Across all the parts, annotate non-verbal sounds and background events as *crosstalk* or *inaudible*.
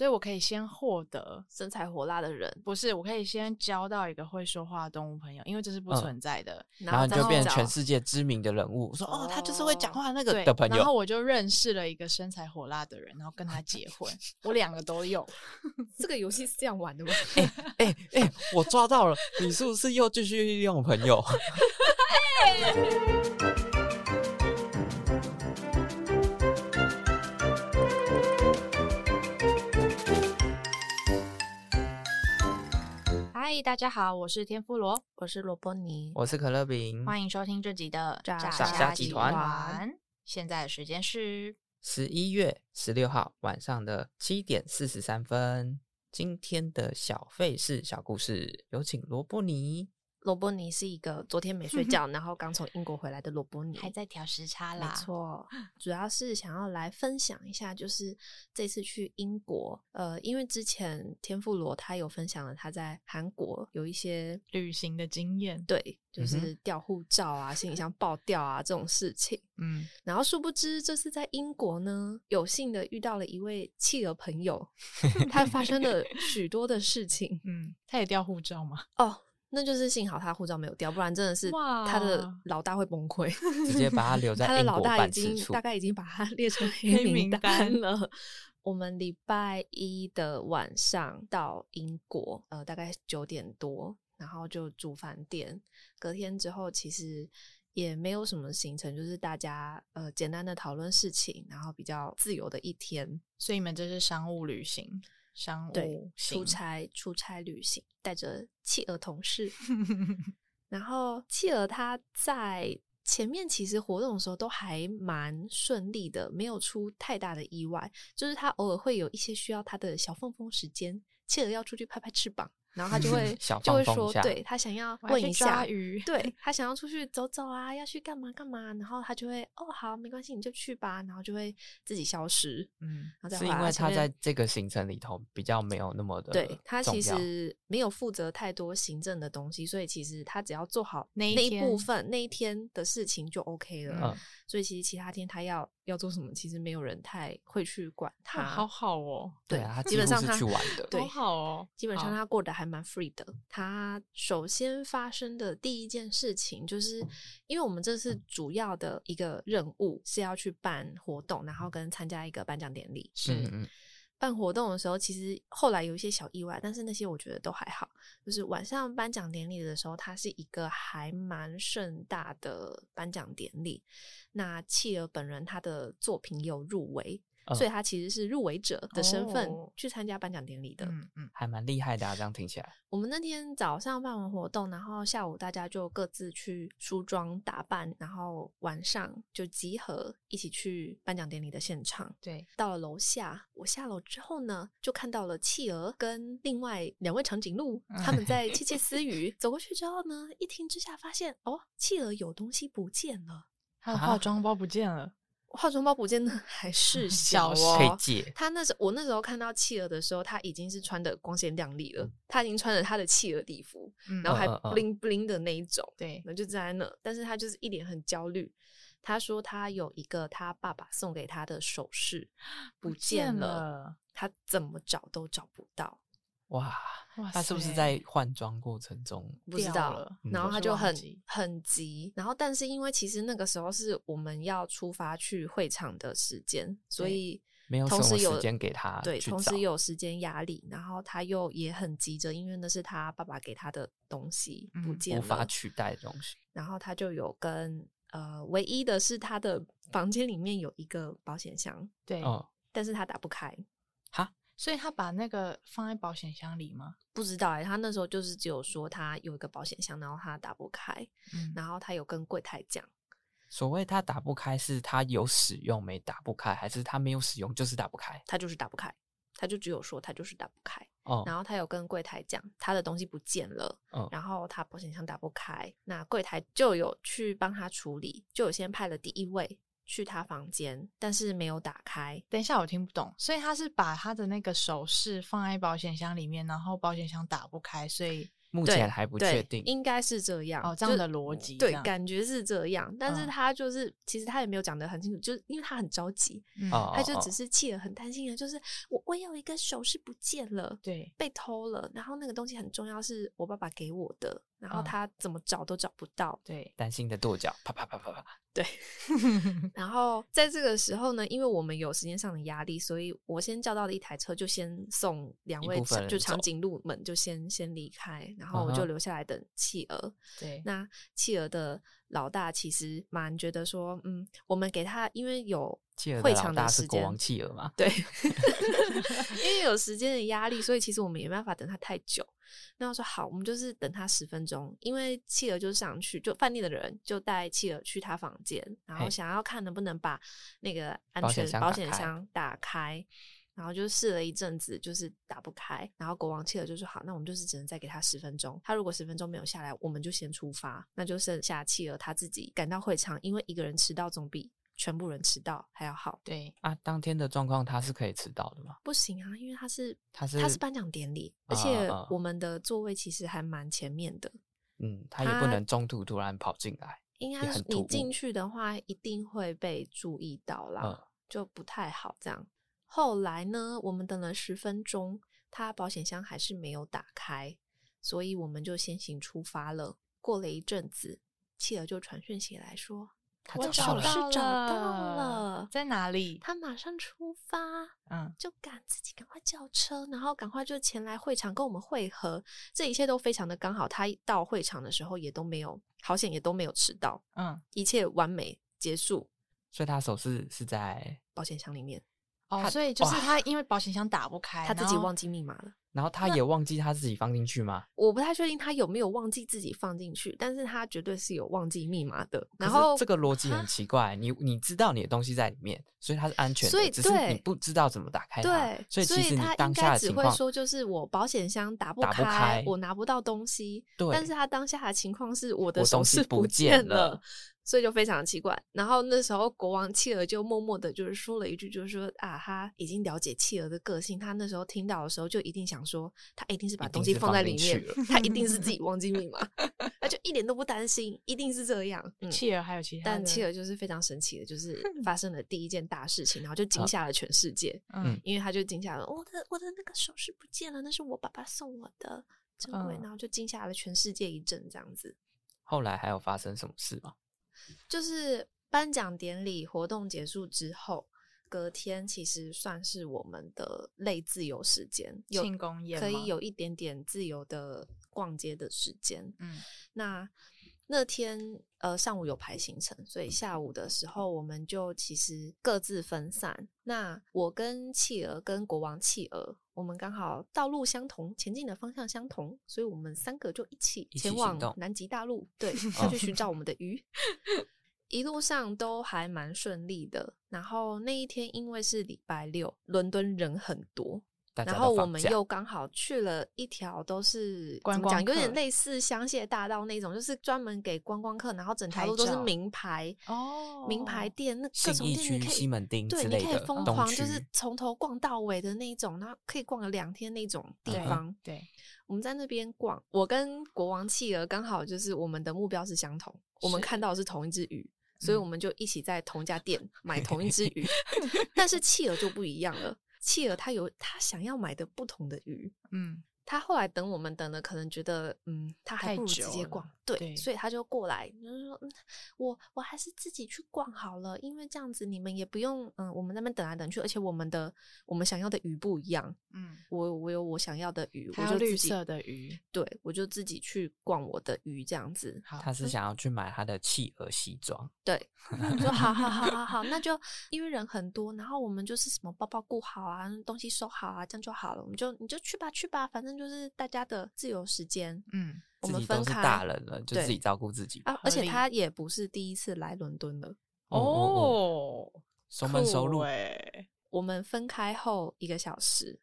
所以，我可以先獲得身材火辣的人，不是？我可以先交到一個會說話的動物朋友，因為這是不存在的，嗯、然後你就變成全世界知名的人物。後後說哦，他就是會講話那個的朋友對，然後我就認識了一個身材火辣的人，然後跟他結婚。 *laughs* 我兩個都有， *laughs* *laughs* 這個遊戲是這樣玩的嗎？哎、欸、哎、欸欸、我抓到了，你是不是又繼續用朋友？ *laughs* *laughs* 欸嘿、hey，，大家好，我是天婦羅，我是蘿蔔泥，我是可樂餅，歡迎收聽這集的炸蝦集，集團。現在的時間是十一月十六號晚上的七點四十三分。今天的小費事小故事，有請蘿蔔泥。羅伯尼是一個昨天沒睡覺，嗯、然後剛從英國回來的羅伯尼，還在調時差啦。沒錯，主要是想要來分享一下，就是這次去英國，呃，因為之前天婦羅他有分享了他在韓國有一些旅行的經驗，對，就是掉護照啊、行李箱爆掉啊這種事情。嗯，然後殊不知，這次在英國呢，有幸的遇到了一位企鵝朋友， *laughs* 他發生了許多的事情。嗯，他也掉護照嗎？哦、oh,。那就是幸好他護照沒有掉，不然真的是他的老大會崩潰，直接把他留在英國辦事處。他的老大已經大概已經把他列成黑名單、黑名單了。我們禮拜一的晚上到英國，呃，大概九點多，然後就住飯店。隔天之後其實也沒有什麼行程，就是大家呃簡單的討論事情，然後比較自由的一天。所以你們這是商務旅行？商，對，出差、出差旅行，帶着企鵝同事。 *laughs* 然後企鵝它在前面其實活動的時候都還蠻順利的，沒有出太大的意外。就是它偶爾會有一些需要它的小放風時間，企鵝要出去拍拍翅膀。然後他就會是是就會說，對，他想要問一下魚，對他想要出去走走啊，要去幹嘛幹嘛，然後他就會哦好，沒關係，你就去吧，然後就會自己消失。嗯，然後再是因為他在這個行程裡頭比較沒有那麼的、嗯、對他其實沒有負責太多行政的東西，所以其實他只要做好那一部分那一，那一天的事情就 OK 了。嗯、所以其實其他天他要。要做什麼？其實沒有人太會去管他。啊、好好哦，對，對啊，基本上他去玩的。多 *laughs* 好哦對，基本上他過得還蠻 free 的，啊。他首先發生的第一件事情，就是因為我們這次主要的一個任務是要去辦活動，嗯、然後跟參加一個頒獎典禮，嗯。是嗯。辦活動的時候，其實後來有一些小意外，但是那些我覺得都還好。就是晚上頒獎典禮的時候，它是一個還蠻盛大的頒獎典禮。那契爾本人他的作品有入圍。哦、所以他其實是入圍者的身份去參加頒獎典禮的，哦、嗯嗯，還蠻厲害的啊！這樣聽起來，我們那天早上辦完活動，然後下午大家就各自去梳妝打扮，然後晚上就集合一起去頒獎典禮的現場。對，到了樓下，我下樓之後呢，就看到了企鵝跟另外兩位長頸鹿他們在竊竊私語。 *laughs* 走過去之後呢，一聽之下發現，哦，企鵝有東西不見了，他的化妝包不見了。啊化妝包不見了還是小哦、喔，他那時我那時候看到企鵝的時候，他已經是穿的光鮮亮麗了、嗯，他已經穿着他的企鵝底服、嗯，然後還 bling bling 的那一種，對、嗯，然後就站在那，但是他就是一臉很焦慮。他說他有一個他爸爸送給他的首飾不見，不見了，他怎麼找都找不到。哇，哇，他是不是在換裝過程中不知道了、嗯？然後他就很很急，然後但是因為其實那個時候是我們要出發去會場的時間，所以沒有同時有，有什麼時間給他對，同時有時間壓力，然後他又也很急着，因為那是他爸爸給他的東西不見，嗯，無法取代的東西。然後他就有跟呃，唯一的是他的房間裡面有一個保險箱，對、嗯，但是他打不開，哈。所以他把那個放在保險箱裡嗎？不知道哎、欸，他那時候就是只有說他有一個保險箱，然後他打不開，嗯、然後他有跟櫃檯講。所謂他打不開，是他有使用沒打不開，還是他沒有使用就是打不開？他就是打不開，他就只有說他就是打不開。哦。然後他有跟櫃檯講，他的東西不見了，哦、然後他保險箱打不開，那櫃檯就有去幫他處理，就有先派了第一位。去他房間，但是沒有打開。等一下，我聽不懂。所以他是把他的那個首飾放在保險箱裡面，然後保險箱打不開，所以目前還不確定，應該是這樣。哦，這樣的邏輯、哦，對，感覺是這樣。但是他就是，嗯、其實他也沒有講得很清楚，就是因為他很着急，嗯哦哦哦，他就只是氣得很貪心的，就是我我有一個首飾不見了，對，被偷了，然後那個東西很重要，是我爸爸給我的。然後他怎麼找都找不到，對，擔心的跺腳，啪啪啪啪啪。對，對 *laughs* 然後在這個時候呢，因為我們有時間上的壓力，所以我先叫到了一台車，就先送兩位就長頸鹿們就先先離開，然後我就留下來等企鵝。對、嗯，那企鵝的老大其實蠻覺得說，嗯，我們給他因為有會長的時間，國王企鵝嗎？對， *laughs* 因為有時間的壓力，所以其實我們也沒辦法等他太久。那我說好，我們就是等他十分鐘，因為企鵝就上去，就飯店的人就帶企鵝去他房間，然後想要看能不能把那個安全保險箱打開，然後就試了一陣子，就是打不開。然後國王企鵝就說好，那我們就是只能再給他十分鐘，他如果十分鐘沒有下來，我們就先出發，那就剩下企鵝他自己趕到會場，因為一個人遲到總比……全部人遲到還要好，對啊，當天的狀況他是可以遲到的嗎？不行啊，因為他是他是他是頒獎典禮，而且我們的座位其實還蠻前面的，啊，嗯，他也不能中途突然跑進來，應、啊、該你進去的話一定會被注意到啦，嗯，就不太好這樣。後來呢，我們等了十分鐘，他保險箱還是沒有打開，所以我們就先行出發了。過了一陣子，妻兒就傳訊息來說。他了我首飾找到了，在哪裡？他馬上出發，嗯，就趕自己趕快叫車，然後趕快就前來會場跟我們會合。這一切都非常的剛好，他到會場的時候也都沒有，好險也都沒有遲到，嗯，一切完美結束。所以他首飾是，是在保險箱裡面，哦，所以就是他因為保險箱打不開，他自己忘記密碼了。然後他也忘記他自己放進去嗎？我不太確定他有沒有忘記自己放進去，但是他絕對是有忘記密碼的。然後是這個邏輯很奇怪，啊、你你知道你的東西在裡面，所以他是安全的，所以對，只是你不知道怎麼打開。對，所以他應該只會說就是我保險箱打不、打不開，我拿不到東西。但是他當下的情況是我的我東西不見了，所以就非常的奇怪。然後那時候國王企鵝就默默的就是說了一句，就是說啊，他已經了解企鵝的個性，他那時候聽到的時候就一定想，說他一定是把東西放在裡面，一 *laughs* 他一定是自己忘記密碼， *laughs* 他就一點都不擔心，一定是這樣。嗯，切爾還有其他，但切爾就是非常神奇的，就是發生了第一件大事情，嗯、然後就驚嚇了全世界、啊。嗯，因為他就驚嚇了、哦，我的我的那個首飾不見了，那是我爸爸送我的珍貴、嗯，然後就驚嚇了全世界一陣這樣子。後來還有發生什麼事嗎？就是頒獎典禮活動結束之後。隔天其實算是我們的類自由時間，有可以有一點點自由的逛街的時間。嗯，那那天呃上午有排行程，所以下午的時候我們就其實各自分散。那我跟企鵝跟國王企鵝，我們剛好道路相同，前進的方向相同，所以我們三個就一起前往南極大陸，對，下去尋找我們的魚。 *laughs* 一路上都還蠻順利的，然後那一天因為是禮拜六，倫敦人很多，然後我們又剛好去了一條都是怎麼講，有點類似香榭大道那種，就是專門給觀光客，然後整條路都是名牌哦，名牌店那，哦、各種店你可以對，你可以瘋狂就是從頭逛到尾的那一種，然後可以逛個兩天那種地方。對，嗯，我們在那邊逛，我跟國王企鵝剛好就是我們的目標是相同，我們看到是同一只魚。所以我們就一起在同一家店買同一隻魚， *laughs* 但是企鵝就不一樣了，企鵝他有他想要買的不同的魚，嗯。他後來等我們等了，可能覺得嗯，他還不如直接逛，對，對，所以他就過來，就是說、嗯、我我還是自己去逛好了，因為這樣子你們也不用嗯，我們那邊等來等去，而且我們的我們想要的魚不一樣，嗯，我我有我想要的魚，有綠色的魚、魚，對，我就自己去逛我的魚這樣子。好，他是想要去買他的企鵝西裝、嗯，對，我 *laughs* 說 *laughs* 好好好好好，那就因為人很多，然後我們就是什麼包包顧好啊，東西收好啊，這樣就好了，我們就你就去吧去吧，反正。就是大家的自由時間，嗯，我們分開，大人了就自己照顧自己啊。而且他也不是第一次來倫敦了哦，哦，哦，收門收入，欸、我們分開後一個小時，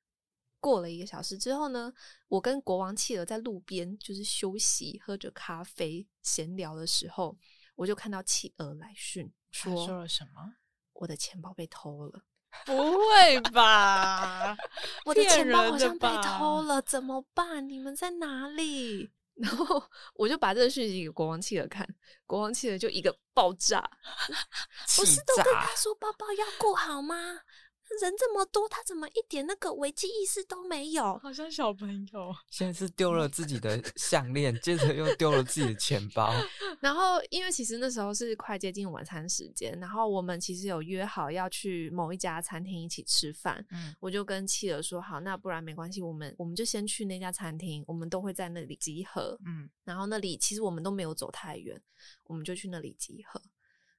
過了一個小時之後呢，我跟國王企鵝在路邊就是休息，喝着咖啡閒聊的時候，我就看到企鵝來訊說：“說了什麼？我的錢包被偷了。” *laughs* 不會吧！ *laughs* 我的錢包好像被偷了，怎麼辦？你們在哪裡？然後我就把這個訊息給國王氣了看，看國王氣的就一個爆炸。不 *laughs* 是都跟他說包包要顧好嗎？人這麼多，他怎麼一點那個危機意識都沒有？好像小朋友，先是丟了自己的項鏈， *laughs* 接着又丟了自己的錢包， *laughs* 然後因為其實那時候是快接近晚餐時間，然後我們其實有約好要去某一家餐廳一起吃飯。嗯，我就跟妻兒說，好，那不然沒關係，我們我們就先去那家餐廳，我們都會在那裡集合。嗯，然後那裡其實我們都沒有走太遠，我們就去那裡集合，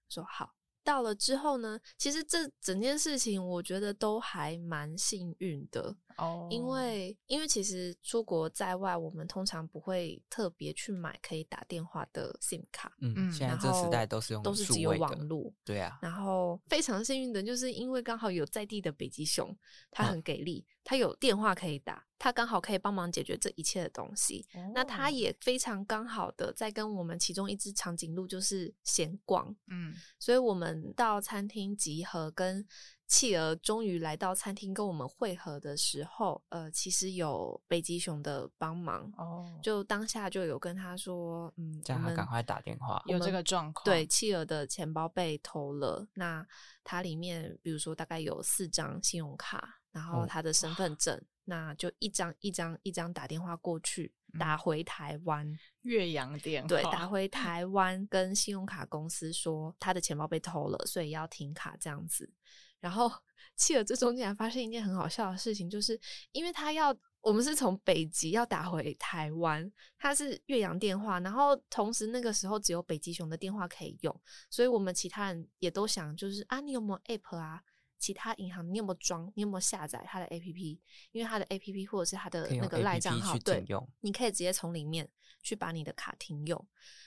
說好。到了之後呢，其實這整件事情，我覺得都還蠻幸運的。哦、oh.，因為因為其實出國在外，我們通常不會特別去買可以打電話的 SIM 卡，嗯，現在這時代都是用，都是只有網絡，對呀、啊。然後非常幸運的就是，因為剛好有在地的北極熊，它很給力，它、嗯、有電話可以打，它剛好可以幫忙解決這一切的東西。Oh. 那它也非常剛好的在跟我們其中一只長頸鹿就是閒逛，嗯，所以我們到餐廳集合跟。企鵝終於來到餐廳跟我們會合的時候，呃，其實有北極熊的幫忙哦。就當下就有跟他說，嗯，叫他趕快打電話，有這個狀況。對，企鵝的錢包被偷了，那它裡面比如說大概有四張信用卡，然後他的身份證，哦、那就一張一張一張打電話過去，嗯、打回台灣，越洋電話，對，打回台灣跟信用卡公司說 *laughs* 他的錢包被偷了，所以要停卡這樣子。然後，去了這中間，還發現一件很好笑的事情，就是因為他要我們是從北極要打回台灣，他是越洋電話，然後同時那個時候只有北極熊的電話可以用，所以我們其他人也都想，就是啊，你有沒有 app 啊？其他銀行，你有沒有裝？你有沒有下載他的 APP？因為他的 APP 或者是他的那個賴賬號，對，你可以直接從裡面去把你的卡停用。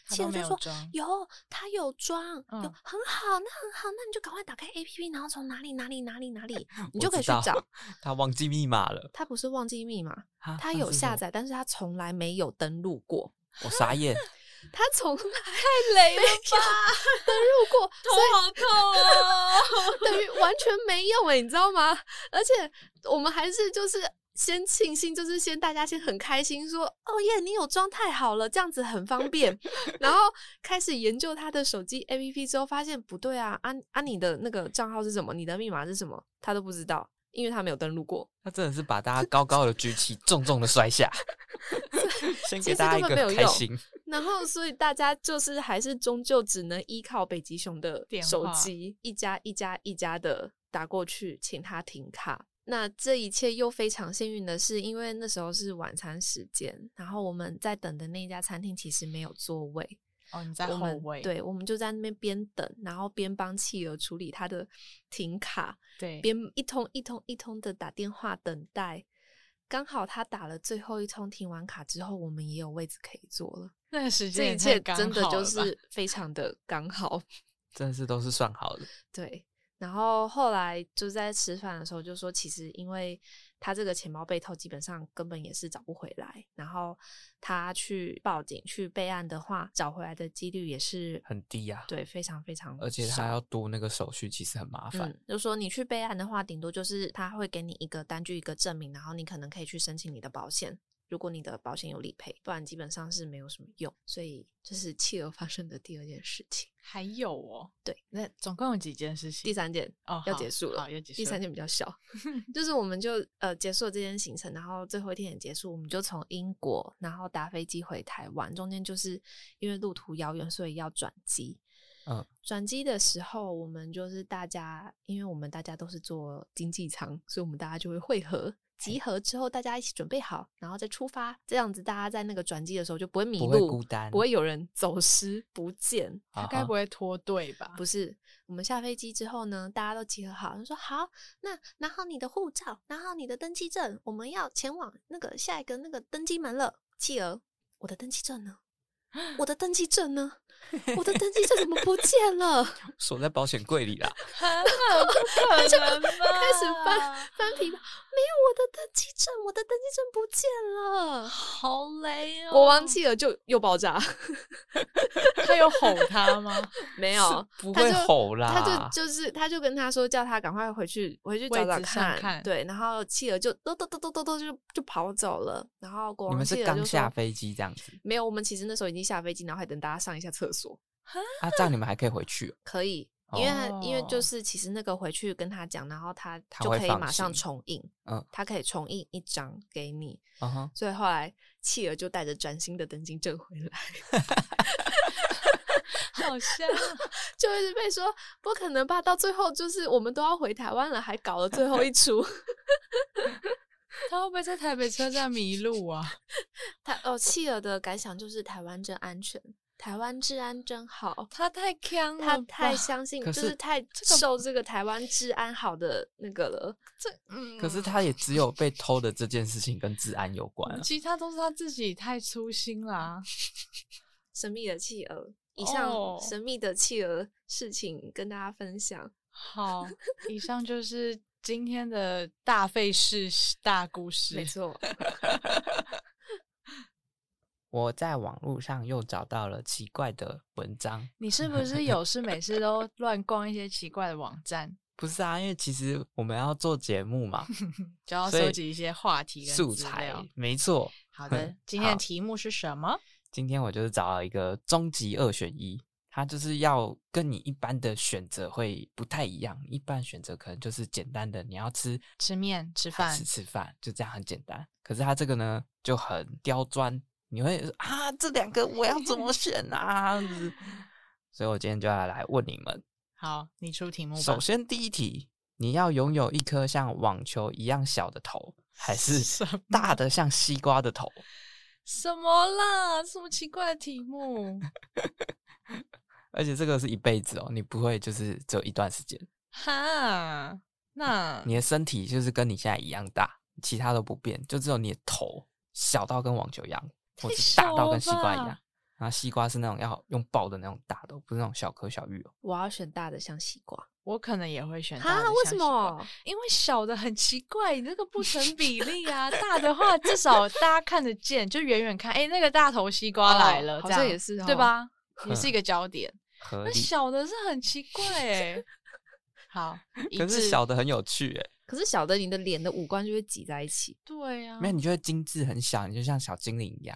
謝先就說有，他有裝、嗯，有很好，那很好，那你就趕快打開 APP，然後從哪裡哪裡哪裡哪裡，你就可以去找。他忘記密碼了。他不是忘記密碼，他有下載，但是他從來沒有登錄過、嗯。我傻眼。 *laughs* 他從太累了吧！登錄過，頭好痛、啊、 *laughs* 等於完全沒用、欸，你知道嗎？而且我們還是就是先慶幸，就是先大家先很開心說：“哦耶，你有裝太好了，這樣子很方便。 *laughs* ”然後開始研究他的手機 APP 之後，發現不對啊，啊，啊你的那個賬號是什麼？你的密碼是什麼？他都不知道，因為他沒有登錄過。他真的是把大家高高的舉起， *laughs* 重重的摔下。 *laughs* 先給大家一個開心。其實根本沒有用。 *laughs* 然後，所以大家就是還是終究只能依靠北極熊的手機、啊，一家一家一家的打過去，請他停卡。那這一切又非常幸運的是，因為那時候是晚餐時間，然後我們在等的那一家餐廳其實沒有座位。哦，你在後位？對，我們就在那邊邊等，然後邊幫企鵝處理他的停卡，對，邊一通一通一通的打電話等待。剛好他打了最後一通，停完卡之後，我們也有位置可以坐了。那個、時間這一切真的就是非常的剛好 *laughs* ，真的是都是算好的。對，然後後來就在吃飯的時候就說，其實因為他這個錢包被偷，基本上根本也是找不回來。然後他去報警去備案的話，找回來的幾率也是很低呀、啊。對，非常非常，而且他要多那個手續，其實很麻煩、嗯。就說你去備案的話，頂多就是他會給你一個單據、一個證明，然後你可能可以去申請你的保險。如果你的保險有理賠，不然基本上是沒有什麼用。所以這是契約發生的第二件事情。還有哦，對，那總共有幾件事情？第三件哦，要結束了，要結束。第三件比較小， *laughs* 就是我們就呃結束了這件行程，然後最後一天也結束，我們就從英國然後搭飛機回台灣。中間就是因為路途遙遠，所以要轉機。嗯，轉機的時候，我們就是大家，因為我們大家都是坐經濟艙，所以我們大家就會匯合。集合之後，大家一起準備好，然後再出發。這樣子，大家在那個轉機的時候就不會迷路，不會孤單，不會有人走失不見。他該不會脫隊吧？Uh-huh. 不是，我們下飛機之後呢，大家都集合好，他說好，那拿好你的護照，拿好你的登機證，我們要前往那個下一個那個登機門了。繼而，我的登機證呢？我的登機證呢？ *coughs* *laughs* 我的登機證怎麼不見了？鎖 *laughs* 在保險櫃裡了。 *laughs* 他就開始翻翻皮包，沒有我的登機證，我的登機證不見了，好累哦！國王企鵝就又爆炸。 *laughs* 他有吼他嗎？ *laughs* 沒有，不會吼啦。他就他就，就是他就跟他說，叫他趕快回去回去找找看。看對，然後企鵝就都都都都都咚就就跑走了。然後國王說你們是剛下飛機這樣子？沒有，我們其實那時候已經下飛機，然後還等大家上一下車。所，那、啊、這樣你們還可以回去？可以，因為、哦、因為就是其實那個回去跟他講，然後他就可以馬上重印，嗯，他可以重印一張給你、嗯哼，所以後來棄兒就帶着嶄新的登機證回來， *laughs* 好像笑，就一直被說不可能吧？到最後就是我們都要回台灣了，還搞了最後一出， *laughs* 他會不會在台北車站迷路啊？他哦，棄兒的感想就是台灣真安全。台灣治安真好，他太坑了，他太相信，就是太受這個台灣治安好的那個了。這，嗯，可是他也只有被偷的這件事情跟治安有關，嗯，其他都是他自己太粗心啦。神秘的企鵝，以上神秘的企鵝事情跟大家分享，哦。好，以上就是今天的大費事大故事，沒錯。 *laughs* 我在網絡上又找到了奇怪的文章。你是不是有事沒事都亂逛一些奇怪的網站？ *laughs* 不是啊，因為其實我們要做節目嘛， *laughs* 就要收集一些話題跟素材。沒錯。好的，今天的題目是什麼？ *laughs* 今天我就是找到一個終極二選一，它就是要跟你一般的選擇會不太一樣。一般選擇可能就是簡單的，你要吃吃麵、吃飯、是吃吃飯，就這樣很簡單。可是它這個呢就很刁鑽。你會啊，這兩個我要怎麼選啊？ *laughs* 所以，我今天就要來問你們。好，你出題目。首先，第一題，你要擁有一顆像網球一樣小的頭，還是大的像西瓜的頭？什麼，什麼啦？什麼奇怪的題目！ *laughs* 而且這個是一輩子哦，你不會就是只有一段時間。哈，那你的身體就是跟你現在一樣大，其他都不變，就只有你的頭小到跟網球一樣。或是大到跟西瓜一樣，然後西瓜是那種要用抱的那種大的，不是那種小顆小玉哦。我要選大的像西瓜，我可能也會選大的。它。啊？為什麼？因為小的很奇怪，你、那、這個不成比例啊！ *laughs* 大的話至少大家看得見，就遠遠看，哎、欸，那個大頭西瓜、oh, 來了，這也是這對吧？也是一個焦點。那小的是很奇怪哎、欸， *laughs* 好，可是小的很有趣哎、欸。可是小的，你的臉的五官就會擠在一起。對呀、啊，沒有，你就會精緻很小，你就像小精靈一樣。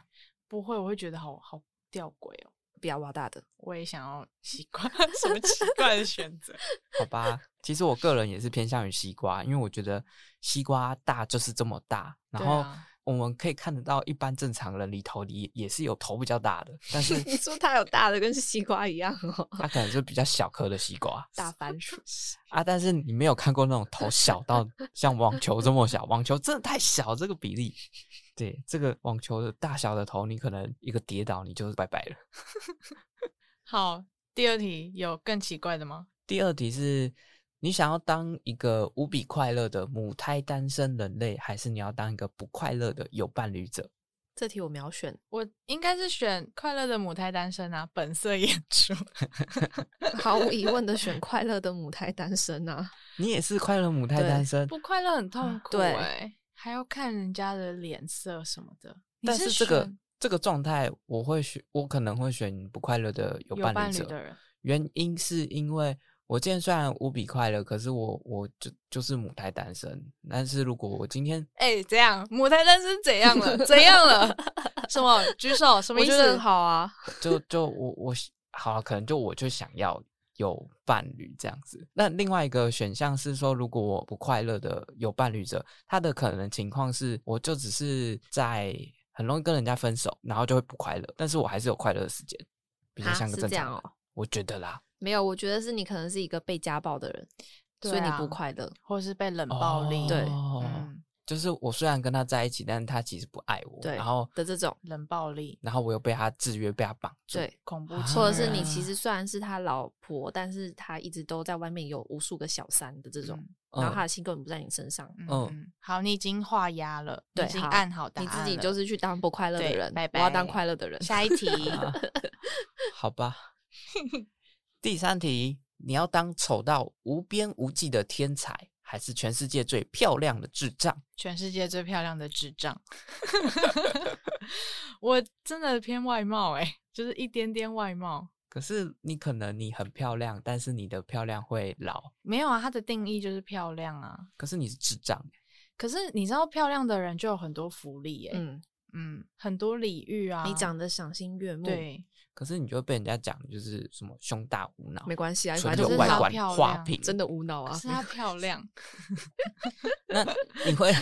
不會，我會覺得好好吊詭哦，比較哇大的，我也想要西瓜，什麼奇怪的選擇？ *laughs* 好吧，其實我個人也是偏向於西瓜，因為我覺得西瓜大就是這麼大，然後、啊。我們可以看得到，一般正常人裡頭裡也是有頭比較大的，但是你說他有大的跟西瓜一樣哦，他、啊、可能是比較小顆的西瓜，大番薯 *laughs* 啊。但是你沒有看過那種頭小到像網球這麼小，網球真的太小，這個比例。對，這個網球的大小的頭，你可能一個跌倒你就是拜拜了。好，第二題有更奇怪的嗎？第二題是。你想要當一個無比快樂的母胎單身人類，還是你要當一個不快樂的有伴侶者？這題我秒選，我應該是選快樂的母胎單身啊，本色演出， *laughs* *laughs* 毫無疑問的選快樂的母胎單身啊。你也是快樂母胎單身，不快樂很痛苦欸，啊，對，還要看人家的臉色什麼的。但是這個是這個狀態，我會選，我可能會選不快樂的有伴侶者。有伴侶的人。原因是因為。我今天雖然無比快樂，可是我我就就是母胎單身。但是如果我今天哎、欸，怎樣母胎單身怎樣了？ *laughs* 怎樣了？什 *laughs* 麼？舉手什麼意思？很好啊就。就就我我好了、啊，可能就我就想要有伴侶這樣子。那另外一個選項是說，如果我不快樂的有伴侶者，他的可能情況是，我就只是在很容易跟人家分手，然後就會不快樂。但是我還是有快樂的時間，比較像個正常的、啊是這樣哦。我覺得啦。沒有，我覺得是你可能是一個被家暴的人，啊、所以你不快樂，或者是被冷暴力。哦、對、嗯，就是我雖然跟他在一起，但是他其實不愛我。對，然後的這種冷暴力，然後我又被他制約，被他綁住，對，恐怖。或者是你其實雖然是他老婆、啊，但是他一直都在外面有無數個小三的這種，嗯、然後他的心根本不在你身上。嗯，嗯嗯嗯好，你已經畫押了，對，已經按好了，好，你自己就是去當不快樂的人，拜拜。我要當快樂的人。下一題， *laughs* 啊、好吧。 *laughs* 第三題，你要當醜到無邊無際的天才，還是全世界最漂亮的智障？全世界最漂亮的智障， *laughs* 我真的偏外貌哎、欸，就是一點點外貌。可是你可能你很漂亮，但是你的漂亮會老。沒有啊，它的定義就是漂亮啊。可是你是智障。可是你知道漂亮的人就有很多福利哎、欸，嗯嗯，很多禮遇啊，你長得賞心悅目。對。可是你就會被人家講，就是什麼胸大無腦。沒關係啊，他就外觀花瓶，真的無腦啊，是她漂亮。 *laughs* *laughs* 那你會，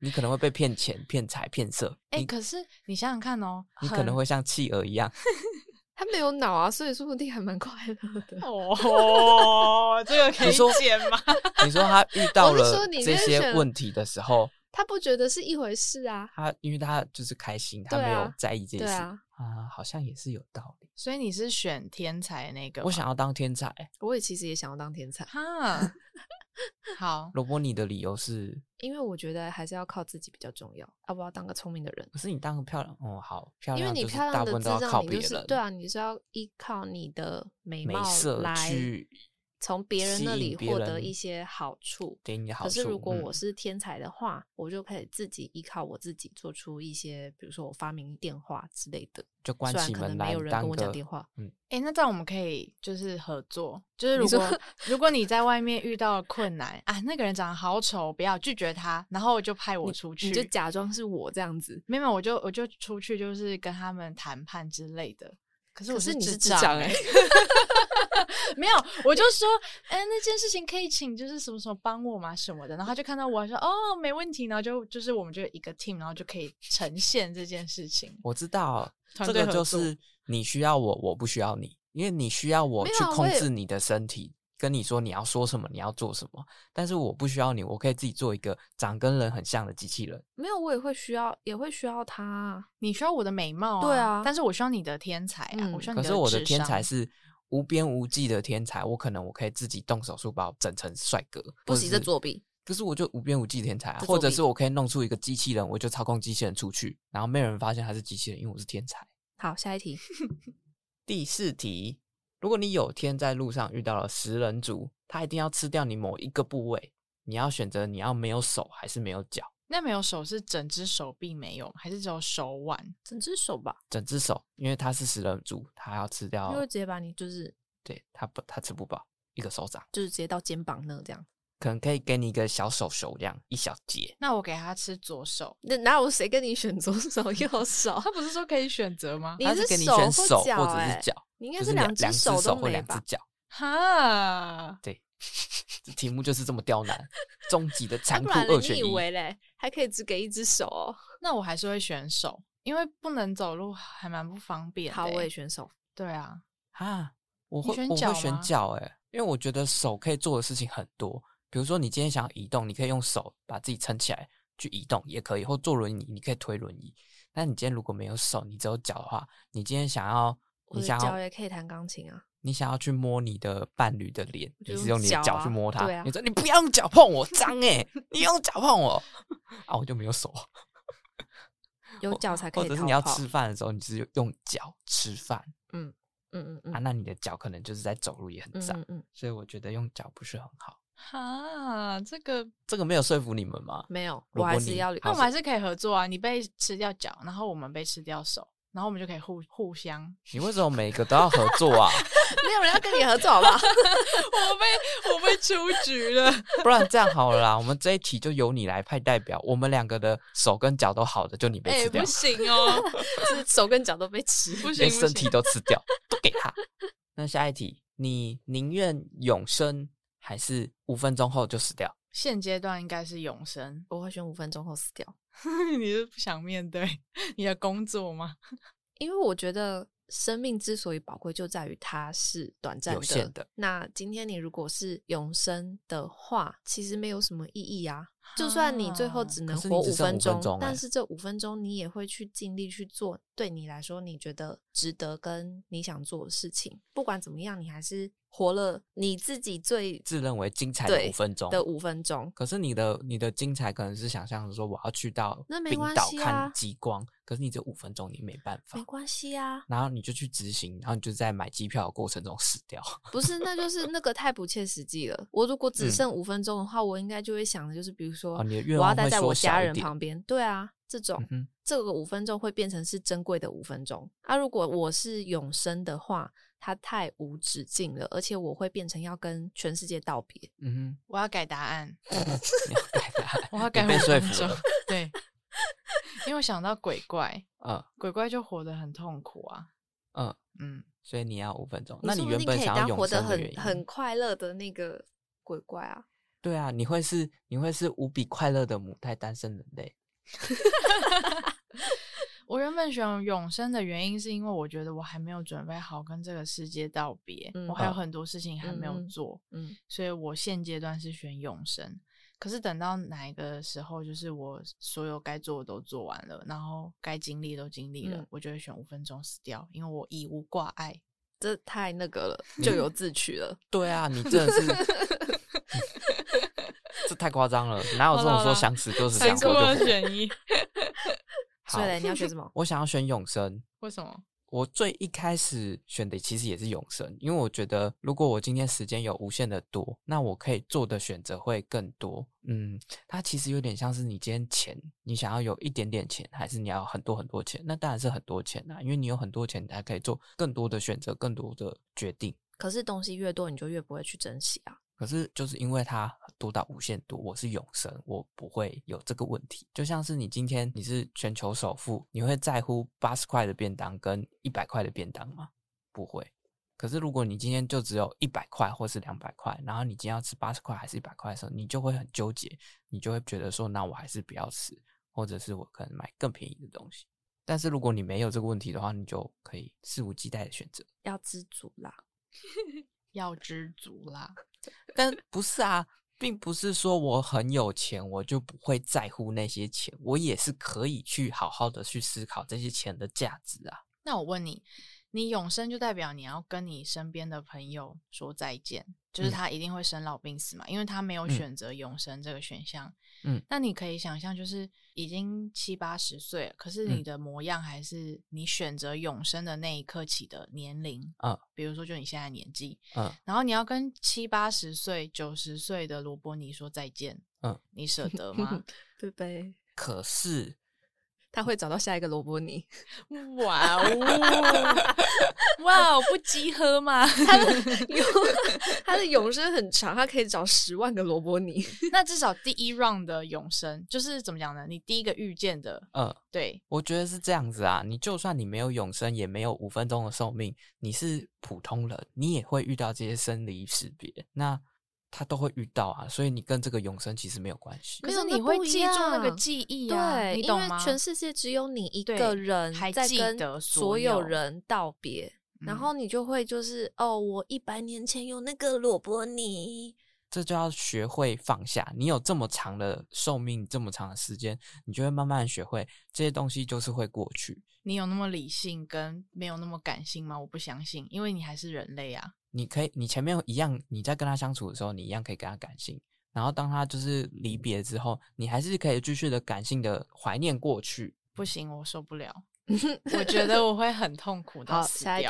你可能會被騙錢、騙財、騙色。哎、欸，可是你想想看哦，你可能會像企鵝一樣， *laughs* 他沒有腦啊，所以說不定還蠻快樂的。哦，這個可以剪嗎？你說， *laughs* 你說他遇到了這些問題的時候。他不覺得是一回事啊，他、啊、因為他就是開心，他沒有在意這件事啊，啊，啊，好像也是有道理。所以你是選天才那個，我想要當天才，我也其實也想要當天才。哈， *laughs* 好，如果你的理由是？因為我覺得還是要靠自己比較重要，要、啊、不要當個聰明的人？可是你當個漂亮，哦、嗯。好漂亮就是，因為你漂亮的大部分都要靠別人，對啊，你是要依靠你的美貌來。美色從別人那裡獲得一些好處，給你好處，可是如果我是天才的話，嗯，我就可以自己依靠我自己做出一些，比如說我發明電話之類的。就關起門來當個，雖然可能沒有人跟我講電話。嗯。哎、欸，那這樣我們可以就是合作，就是如果如果你在外面遇到困難 *laughs* 啊，那個人長得好醜，不要拒絕他，然後我就派我出去，你你就假裝是我這樣子，沒有沒，我就我就出去，就是跟他們談判之類的。可是我是，直掌、欸、是你哈哈哈。沒有，我就說，哎、欸，那件事情可以請就是什麼什麼幫我嘛什麼的，然後他就看到我說，哦，沒問題，然後就就是我們就一個 team，然後就可以呈現這件事情。我知道，這個就是你需要我，我不需要你，因為你需要我去控制你的身體。跟你說你要說什麼，你要做什麼，但是我不需要你，我可以自己做一個長跟人很像的機器人。沒有，我也會需要，也會需要他。你需要我的美貌啊，對啊，但是我需要你的天才啊，嗯，我需要你的。可是我的天才是無邊無際的天才，我可能我可以自己動手術把我整成帥哥，不行，這作弊。可是我就無邊無際的天才啊，或者是我可以弄出一個機器人，我就操控機器人出去，然後沒有人發現他是機器人，因為我是天才。好，下一題， *laughs* 第四題。如果你有天在路上遇到了食人族，他一定要吃掉你某一個部位，你要選擇你要沒有手還是沒有腳？那沒有手是整只手臂沒有，還是只有手腕？整只手吧。整只手，因為他是食人族，他要吃掉，因為直接把你就是，對，他不，他吃不飽，一個手掌，就是直接到肩膀那這樣。可能可以給你一個小手手這樣一小節，那我給他吃左手，那我誰跟你選左手右手？ *laughs* 他不是說可以選擇嗎？你是他是給你選手或者是腳，你應該是兩只手,、就是、手或兩只腳。哈、啊，對， *laughs* 這題目就是這麼刁難，終 *laughs* 極的殘酷二選一你以為嘞， *laughs* 還可以只給一只手哦。那我還是會選手，因為不能走路還蠻不方便。好，我也選手。對啊，哈、啊，我會選腳我會選腳、欸、因為我覺得手可以做的事情很多。比如說，你今天想要移動，你可以用手把自己撐起來去移動，也可以；或坐輪椅，你可以推輪椅。但你今天如果沒有手，你只有腳的話，你今天想要，你想要，你腳也可以彈鋼琴啊。你想要去摸你的伴侶的臉，你是用你的腳去摸他、啊啊。你說你不要用腳碰我，髒誒、欸、 *laughs* 你用腳碰我，啊，我就沒有手， *laughs* 有腳才可以。或者是你要吃飯的時候，你只有用腳吃飯、嗯。嗯嗯嗯啊，那你的腳可能就是在走路也很髒嗯嗯嗯，所以我覺得用腳不是很好。哈，這個這個沒有說服你們嗎？沒有，我還是要，那我們還是可以合作啊！你被吃掉腳，然後我們被吃掉手，然後我們就可以互互相。你為什麼每一個都要合作啊？ *laughs* *laughs* 沒有人要跟你合作好不好？ *laughs* 我被我被出局了。 *laughs* 不然這樣好了啦，我們這一題就由你來派代表，我們兩個的手跟腳都好的，就你被吃掉。欸，不行哦， *laughs* 是手跟腳都被吃，連身體都吃掉，不 *laughs* 都給他。那下一題，你寧願永生？還是五分鐘後就死掉？現階段應該是永生，我會選五分鐘後死掉。 *laughs* 你是不想面對你的工作嗎？因為我覺得生命之所以寶貴，就在於它是短暫有限的。那今天你如果是永生的話，其實沒有什麼意義啊。就算你最後只能活五分鐘、欸，但是這五分鐘你也會去盡力去做，對你來說你覺得值得跟你想做的事情，不管怎麼樣，你還是活了你自己最自認為精彩的五分鐘的五分鐘。可是你的你的精彩可能是想象的說我要去到冰島看極光、啊，可是你這五分鐘你沒辦法，沒關係啊，然後你就去執行，然後你就在買機票的過程中死掉。不是，那就是那個太不切實際了。我如果只剩五分鐘的話，嗯、我應該就會想的就是比如。說、哦說，我要待在我家人旁邊。對啊，這種、嗯、這個五分鐘會變成是珍貴的五分鐘啊。如果我是永生的話，它太無止境了，而且我會變成要跟全世界道別。嗯哼，我要改答案。 *laughs* 你要改答案 *laughs* 我要改五分鐘。對，因為我想到鬼怪、呃，鬼怪就活得很痛苦啊。嗯、呃、嗯，所以你要五分鐘。那你原本想要永生的原因？你說你可以當活得很，很快樂的那個鬼怪啊。對啊，你會是你會是無比快樂的母胎單身人類。 *laughs* *laughs* 我原本選永生的原因是因為我覺得我還沒有準備好跟這個世界道別，嗯，我還有很多事情還沒有做，哦嗯嗯、所以我現階段是選永生，嗯。可是等到哪一個時候，就是我所有該做的都做完了，然後該經歷都經歷了，嗯，我就會選五分鐘死掉，因為我已無掛礙。這太那個了，咎由自取了。對啊，你真的是。 *laughs* *laughs* 太誇張了，哪有這種說想死就是想死就死？三選一。 *laughs* 好，你，你要選什麼？我想要選永生。為什麼？我最一開始選的其實也是永生，因為我覺得如果我今天時間有無限的多，那我可以做的選擇會更多。嗯，它其實有點像是你今天錢，你想要有一點點錢，還是你要很多很多錢？那當然是很多錢啊，因為你有很多錢，你可以做更多的選擇，更多的決定。可是東西越多，你就越不會去珍惜啊。可是就是因為它。多到無限多，我是永生，我不會有這個問題。就像是你今天你是全球首富，你會在乎八十塊的便當跟一百塊的便當嗎？不會。可是如果你今天就只有一百塊或是兩百塊，然後你今天要吃八十塊還是一百塊的時候，你就會很糾結，你就會覺得說，那我還是不要吃，或者是我可能買更便宜的東西。但是如果你沒有這個問題的話，你就可以肆無忌憚的選擇。要知足啦， *laughs* 要知足啦。但不是啊。並不是說我很有錢，我就不會在乎那些錢，我也是可以去好好的去思考這些錢的價值啊。那我問你，你永生就代表你要跟你身邊的朋友說再見？就是他一定會生老病死嘛，因為他沒有選擇永生這個選項。嗯，那你可以想象，就是已經七八十歲，可是你的模樣還是你選擇永生的那一刻起的年齡啊、嗯。比如說，就你現在年紀，嗯，然後你要跟七八十歲、嗯、九十歲的羅伯尼說再見，嗯，你捨得嗎？對 *laughs* 吧？可是。他會找到下一個蘿蔔泥，哇哦，哇哦，不飢喝嗎？他的 *laughs* 他的永生很長，他可以找十萬個蘿蔔泥。 *laughs* 那至少第一 round 的永生就是怎麼講呢？你第一個遇見的，呃，對，我覺得是這樣子啊。你就算你沒有永生，也沒有五分鐘的壽命，你是普通人，你也會遇到這些生離死別。那他都會遇到啊，所以你跟這個永生其實沒有關係。可是你會記住那個記憶啊？對，你懂嗎？因為全世界只有你一個人在跟所有人道別，嗯，然後你就會就是哦，我一百年前有那個蘿蔔泥。這就要學會放下。你有這麼長的壽命，這麼長的時間，你就會慢慢學會這些東西就是會過去。你有那麼理性跟沒有那麼感性嗎？我不相信，因為你還是人類啊。你可以，你前面一樣，你在跟他相處的時候，你一樣可以跟他感性。然後當他就是離別之後，你還是可以繼續的感性的懷念過去。不行，我受不了， *laughs* 我覺得我會很痛苦的死掉。好，下一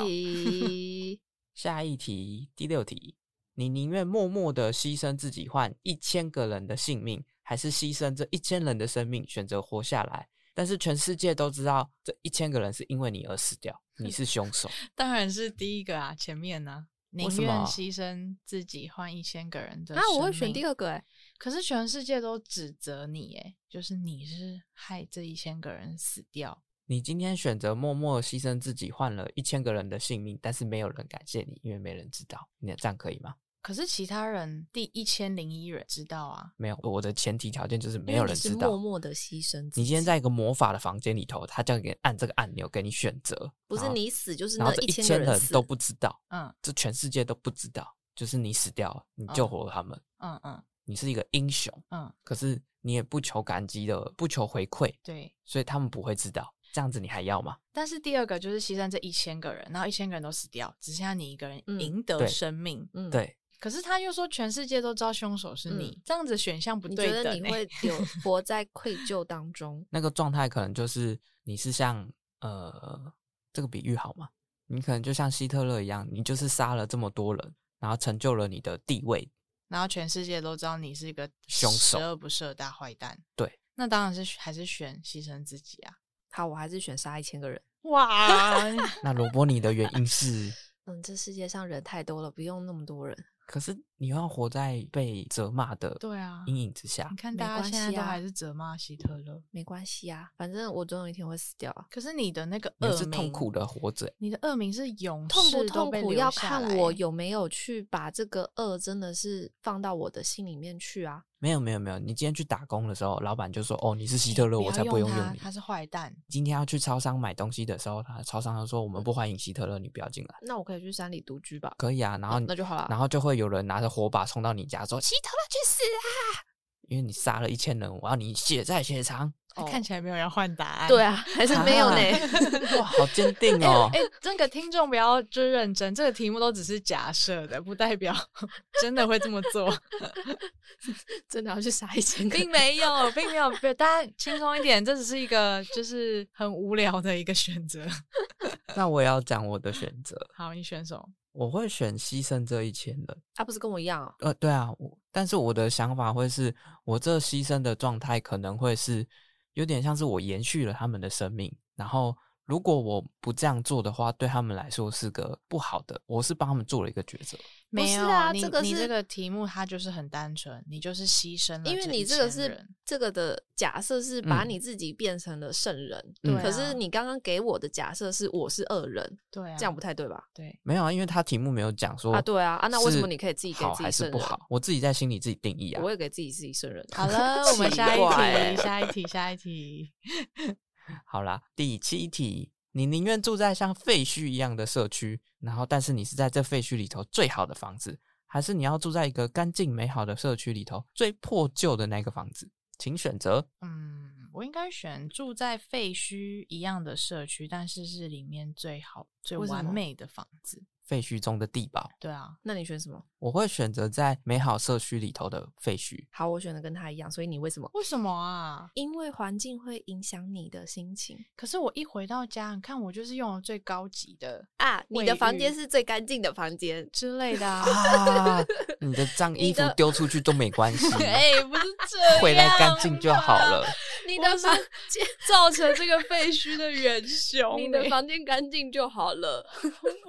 題， *laughs* 下一題，第六題：你寧願默默的犧牲自己換一千個人的性命，還是犧牲這一千人的生命選擇活下來？但是全世界都知道這一千個人是因為你而死掉，你是兇手。 *laughs* 當然是第一個啊，前面呢、啊。寧願犧牲自己換一千個人的性命。那我，、啊、我會選第二個哎、欸。可是全世界都指責你哎、欸，就是你是害這一千個人死掉。你今天選擇默默犧牲自己換了一千個人的性命，但是沒有人感謝你，因為沒人知道。你的贊可以嗎？可是其他人第一千零一人知道啊？沒有，我的前提條件就是沒有人知道。默默的犧牲。你今天在一個魔法的房間裡頭，他叫你按這個按鈕，給你選擇，不是你死就是那一千個人，一千個人都不知道，嗯，這全世界都不知道，就是你死掉了，你救活了他們，嗯嗯，嗯，你是一個英雄，嗯。可是你也不求感激的，不求回饋，對。所以他們不會知道，這樣子你還要嗎？但是第二個就是犧牲這一千個人，然後一千個人都死掉，只剩下你一個人贏得生命，嗯。對。嗯對可是他又說，全世界都知道凶手是你、嗯，這樣子選項不對的。你覺得你會丟活在愧疚當中？ *laughs* 那個狀態可能就是你是像呃，這個比喻好嗎？你可能就像希特勒一樣，你就是殺了這麼多人，然後成就了你的地位，然後全世界都知道你是一個凶手，十惡不赦大壞蛋。對，那當然是還是選犧牲自己啊！好，我還是選殺一千個人。哇， *laughs* 那蘿蔔泥的原因是， *laughs* 嗯，這世界上人太多了，不用那麼多人。可是。你要活在被責罵的陰影之下。對啊、你看，大家現在都還是責罵希特勒，沒關係啊，啊，反正我總有一天會死掉、啊。可是你的那個惡名你是痛苦的活着，你的惡名是勇、啊。痛不痛苦要看我有沒有去把這個惡真的是放到我的心裡面去啊。沒有，沒有，沒有。你今天去打工的時候，老板就說：“哦，你是希特勒，有我才不用、啊、才不用你，他是壞蛋。”今天要去超商買東西的時候，他超商說：“我們不歡迎希特勒，你不要進來。”那我可以去山裡獨居吧？可以啊，然後、哦、那就好了。然後就會有人拿着。火把衝到你家，說：“希特勒去死啊！”因為你殺了一千人，我要你血債血償。哦、看起來沒有要換答案，對啊，還是沒有呢。啊、哇，好堅定哦！哎、欸欸，這個聽眾不要就認真，這個題目都只是假設的，不代表真的會這麼做。 *laughs* 真的要去殺一千個人，並沒有，並沒有。大家輕鬆一點，這只是一個就是很無聊的一個選擇。 *laughs* 那我也要講我的選擇。好，你選什麼？我會選犧牲這一千人，他不是跟我一樣哦？呃，對啊，我但是我的想法會是我這犧牲的狀態可能會是有點像是我延續了他們的生命，然後。如果我不這樣做的話，對他們來說是個不好的。我是幫他們做了一個抉擇，沒有啊你？這個是你這個題目它就是很單純，你就是犧牲了。因為你這個是這個的假設是把你自己變成了聖人、嗯，可是你剛剛給我的假設是我是惡人，對、嗯，這樣不太對吧對啊？對，沒有啊？因為他題目沒有講說啊，對啊啊那為什麼你可以自己給自己好還是不好？我自己在心裡自己定義啊，我也給自己自己聖人。好了，我們下一題， *laughs* 下一題，下一題。 *laughs* 好啦，第七題，你寧願住在像廢墟一樣的社區，然後但是你是在這廢墟裡頭最好的房子，還是你要住在一個乾淨美好的社區裡頭最破舊的那個房子？請選擇。嗯，我應該選住在廢墟一樣的社區，但是是裡面最好最完美的房子。廢墟中的地堡，對啊，那你選什麼？我會選擇在美好社區裡頭的廢墟。好，我選的跟他一樣，所以你為什麼？為什麼啊？因為環境會影響你的心情。可是我一回到家，你看我就是用了最高級的啊，你的房間是最乾淨的房間之類的 *laughs* 啊，你的髒衣服丟出去都沒關係。對、 *laughs* 欸，不是這、啊， *laughs* 回來乾淨就好了。 *laughs* 是你的房間造成這個廢墟的元凶、欸， *laughs* 你的房間乾淨就好了， *laughs* 不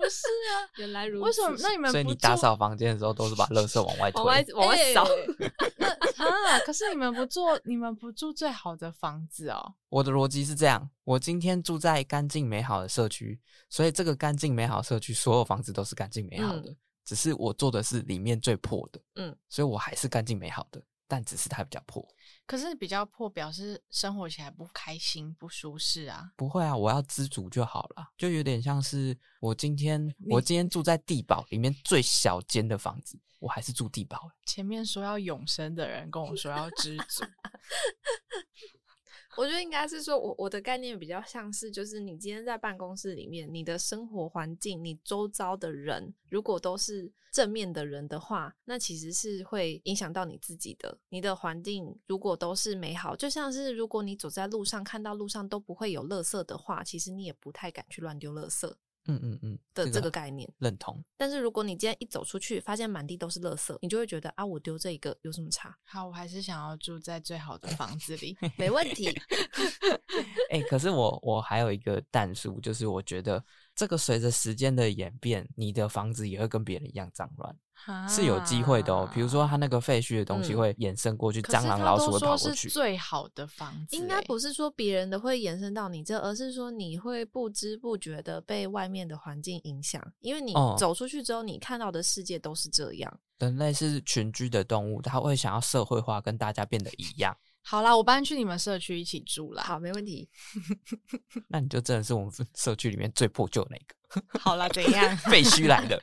是啊？原來如此。為什麼？那你們所以你打掃房間的時候都是把垃圾往外推 *laughs* 往外掃、欸 *laughs* 啊，可是你們不住，你們不住最好的房子哦。我的邏輯是這樣：我今天住在乾淨美好的社區，所以這個乾淨美好社區所有房子都是乾淨美好的，嗯、只是我住的是裡面最破的。嗯，所以我還是乾淨美好的，但只是它比較破。可是比較破，表示生活起來不開心，不舒適啊？不會啊，我要知足就好了。就有點像是我今天，我今天住在地堡裡面最小間的房子，我還是住地堡。前面說要永生的人跟我說要知足。 *laughs* *laughs* 我覺得應該是說我，我我的概念比較像是，就是你今天在辦公室裡面，你的生活環境，你周遭的人，如果都是正面的人的話，那其實是會影響到你自己的。你的環境如果都是美好，就像是如果你走在路上，看到路上都不會有垃圾的話，其實你也不太敢去亂丟垃圾。嗯嗯嗯的、這個、這個概念認同，但是如果你今天一走出去，發現滿地都是垃圾，你就會覺得啊，我丟這一個有什麼差？好，我還是想要住在最好的房子裡， *laughs* 沒問題。哎 *laughs* *laughs* 欸，可是我我還有一個但書，就是我覺得這個隨着時間的演變，你的房子也會跟別人一樣髒亂。是有機會的哦，比如說他那個廢墟的東西會延伸過去，嗯，蟑螂、老鼠會跑過去。最好的房子，應該不是說別人的會延伸到你這，而是說你會不知不覺的被外面的環境影響，因為你走出去之後，你看到的世界都是這樣。哦，人類是群居的動物，他會想要社會化，跟大家變得一樣。好啦，我搬去你們社區一起住了。好，沒問題。 *laughs* 那你就真的是我們社區裡面最破舊的那個。好了，怎樣？廢 *laughs* 墟來的。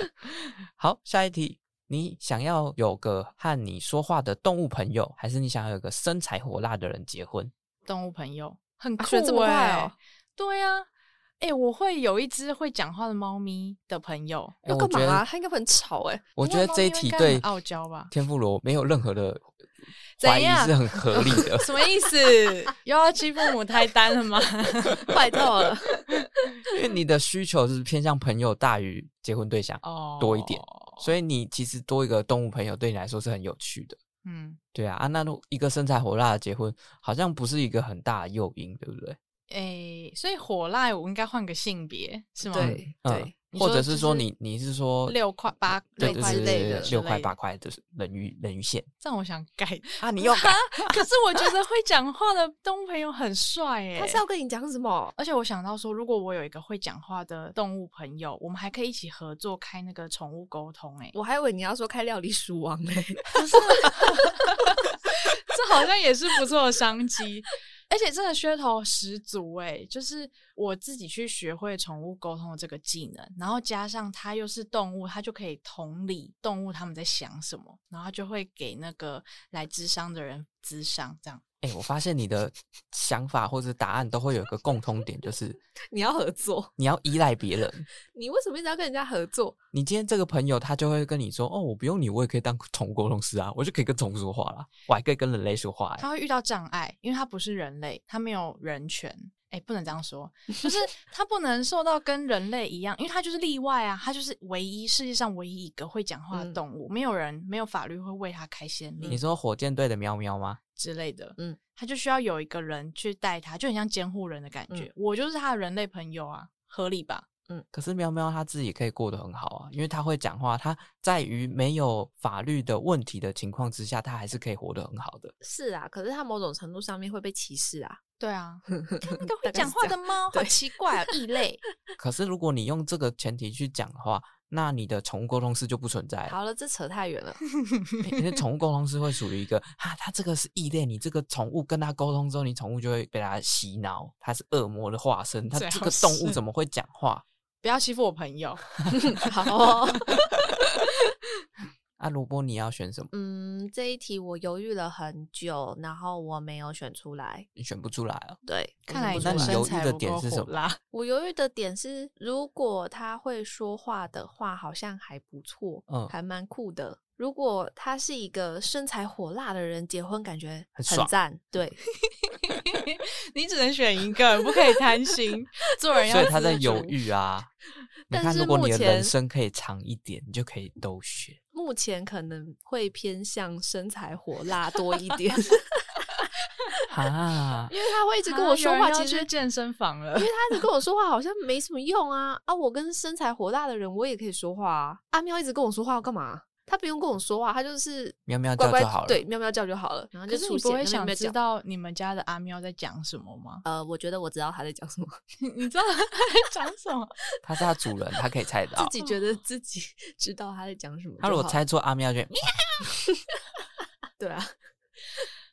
*laughs* 好，下一題，你想要有個和你說話的動物朋友，還是你想要有個身材火辣的人結婚？動物朋友很酷。欸，啊，這麼快。欸，對呀。啊欸，我會有一隻會講話的貓咪的朋友。要幹嘛，啊？他應該很吵哎，欸。我覺得這一題對傲嬌吧，天婦羅沒有任何的。懷疑是很合理的， *laughs* 什麼意思？幺要七父母太單了嗎？壞 *laughs* *laughs* 壞透了 *laughs* 。因為你的需求是偏向朋友大於結婚對象多一點，哦，所以你其實多一個動物朋友對你來說是很有趣的。嗯，對啊啊，那一個身材火辣的結婚好像不是一個很大的誘因，對不對？哎，所以火辣我應該換個性別是嗎？對，或者是說你你是說六塊八塊之類的，六塊八塊就是人魚人魚線。這樣我想改啊！你又可是我覺得會講話的動物朋友很帥誒、欸、他是要跟你講什麼？而且我想到說，如果我有一個會講話的動物朋友，我們還可以一起合作開那個寵物溝通誒、欸、我還以為你要說開料理鼠王呢、欸， *laughs* *laughs* *laughs* 這好像也是不錯的商機。而且這個噱頭十足哎、欸，就是我自己去學會寵物溝通的這個技能，然後加上它又是動物，它就可以同理動物它們在想什麼，然後就會給那個來諮商的人諮商這樣。哎、欸，我發現你的想法或者答案都會有一個共通點，就是 *laughs* 你要合作，你要依賴別人。 *laughs* 你為什麼一直要跟人家合作？你今天這個朋友他就會跟你說：“哦，我不用你，我也可以當寵物溝通師啊，我就可以跟寵物說話啦，我還可以跟人類說話、欸。”他會遇到障礙，因為他不是人類，他沒有人權。哎，不能這樣說，就是它不能受到跟人類一樣，因為它就是例外啊，它就是唯一，世界上唯一一個會講話的動物，嗯、沒有人，沒有法律會為它開先例。你說火箭隊的喵喵嗎？之類的，嗯，它就需要有一個人去帶它，就很像監護人的感覺。嗯、我就是它的人類朋友啊，合理吧？嗯，可是喵喵它自己可以過得很好啊，因為它會講話，它在於沒有法律的問題的情況之下，它還是可以活得很好的。是啊，可是它某種程度上面會被歧視啊。對啊， *laughs* 那個會講話的貓，好奇怪啊，異類。 *laughs* 可是如果你用這個前提去講的話，那你的寵物溝通師就不存在了。好了，這扯太遠了。 *laughs* 因為寵物溝通師會屬於一個哈，它這個是異類，你這個寵物跟它溝通之後，你寵物就會被它洗腦，它是惡魔的化身，它這，這個動物怎麼會講話？不要欺負我朋友， *laughs* 好哦。 *laughs* *laughs* 啊，蘿蔔，你要選什麼？嗯，這一題我猶豫了很久，然後我沒有選出來。你選不出來啊？對，看來你猶豫的點是什麼？我猶豫的點是，如果他會說話的話，好像還不錯，嗯，還蠻酷的。如果他是一個身材火辣的人，結婚感覺很贊。對， *laughs* 你只能選一個，不可以貪心。 *laughs* 做人要。所以他在猶豫啊。 *laughs* 你看，如果你的人生可以長一點，你就可以都選。目前可能會偏向身材火辣多一點。啊！ *laughs* *laughs* *laughs* 因為他會一直跟我說話、啊，其實，其實去健身房了。因為他一直跟我說話，好像沒什麼用啊 *laughs* 啊！我跟身材火辣的人，我也可以說話、啊。阿、啊、喵一直跟我說話，要幹嘛？他不用跟我說話，他就是乖乖喵喵叫就好了。對，喵喵叫叫就好了。然後就是你不會想知道你們家的阿喵在講什麼嗎？呃，我覺得我知道他在講什麼。 *laughs* 你知道他在講什麼？ *laughs* 他是他主人，他可以猜到。自己覺得自己知道他在講什麼。他如果猜錯，阿喵就。 *laughs* *laughs* 對啊，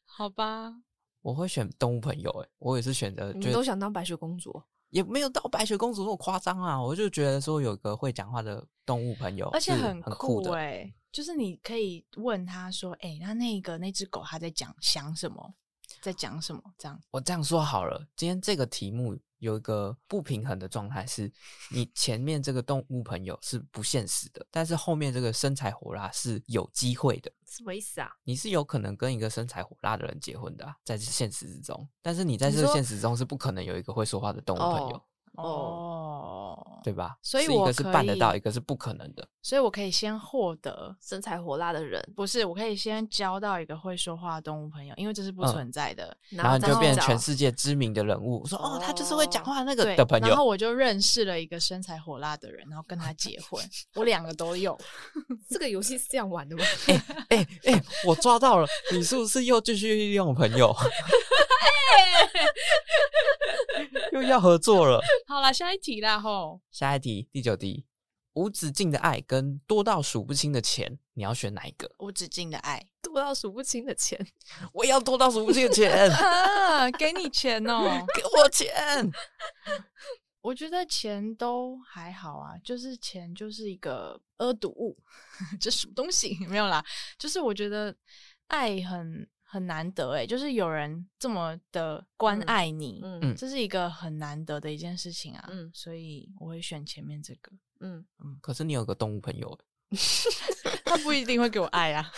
好吧。我會選動物朋友，哎，我也是選擇。你都想當白雪公主？也沒有到白雪公主那麼誇張啊！我就覺得說有個會講話的動物朋友，而且很酷的、欸。就是你可以問他說：“哎、欸，那那個那只狗它在講想什麼，在講什麼？”這樣我這樣說好了。今天這個題目有一個不平衡的狀態是，你前面這個動物朋友是不現實的，但是後面這個身材火辣是有機會的。是什麼意思啊？你是有可能跟一個身材火辣的人結婚的，啊，在現實之中，但是你在這個現實中是不可能有一個會說話的動物朋友。哦，對吧？所以，我可以一個是辦得到，一個是不可能的。所以我可以先獲得身材火辣的人，不是？我可以先交到一個會說話的動物朋友，因為這是不存在的。嗯、然後你就變成全世界知名的人物。我說哦，他就是會講話那個的朋友、哦對。然後我就認識了一個身材火辣的人，然後跟他結婚。 *laughs* 我兩個都有， *laughs* 這個遊戲是這樣玩的嗎？哎、欸、哎、欸欸、我抓到了！ *laughs* 你是不是又繼續利用朋友？ *laughs* 欸 *laughs* *laughs* 又要合作了。 *laughs* 好啦，下一題啦吼！下一題，第九題：無止境的愛跟多到數不清的錢，你要選哪一個？無止境的愛，多到數不清的錢，我也要多到數不清的錢。 *laughs* 啊、給你錢哦、喔， *laughs* 給我錢。 *laughs* 我覺得錢都還好啊，就是錢就是一個惡毒物， *laughs* 就什麼東西沒有啦。就是我覺得愛很。很難得哎，就是有人這麼的關愛你，嗯，嗯，這是一個很難得的一件事情啊，嗯，所以我會選前面這個，嗯嗯。可是你有個動物朋友欸， *laughs* 他不一定會給我愛啊，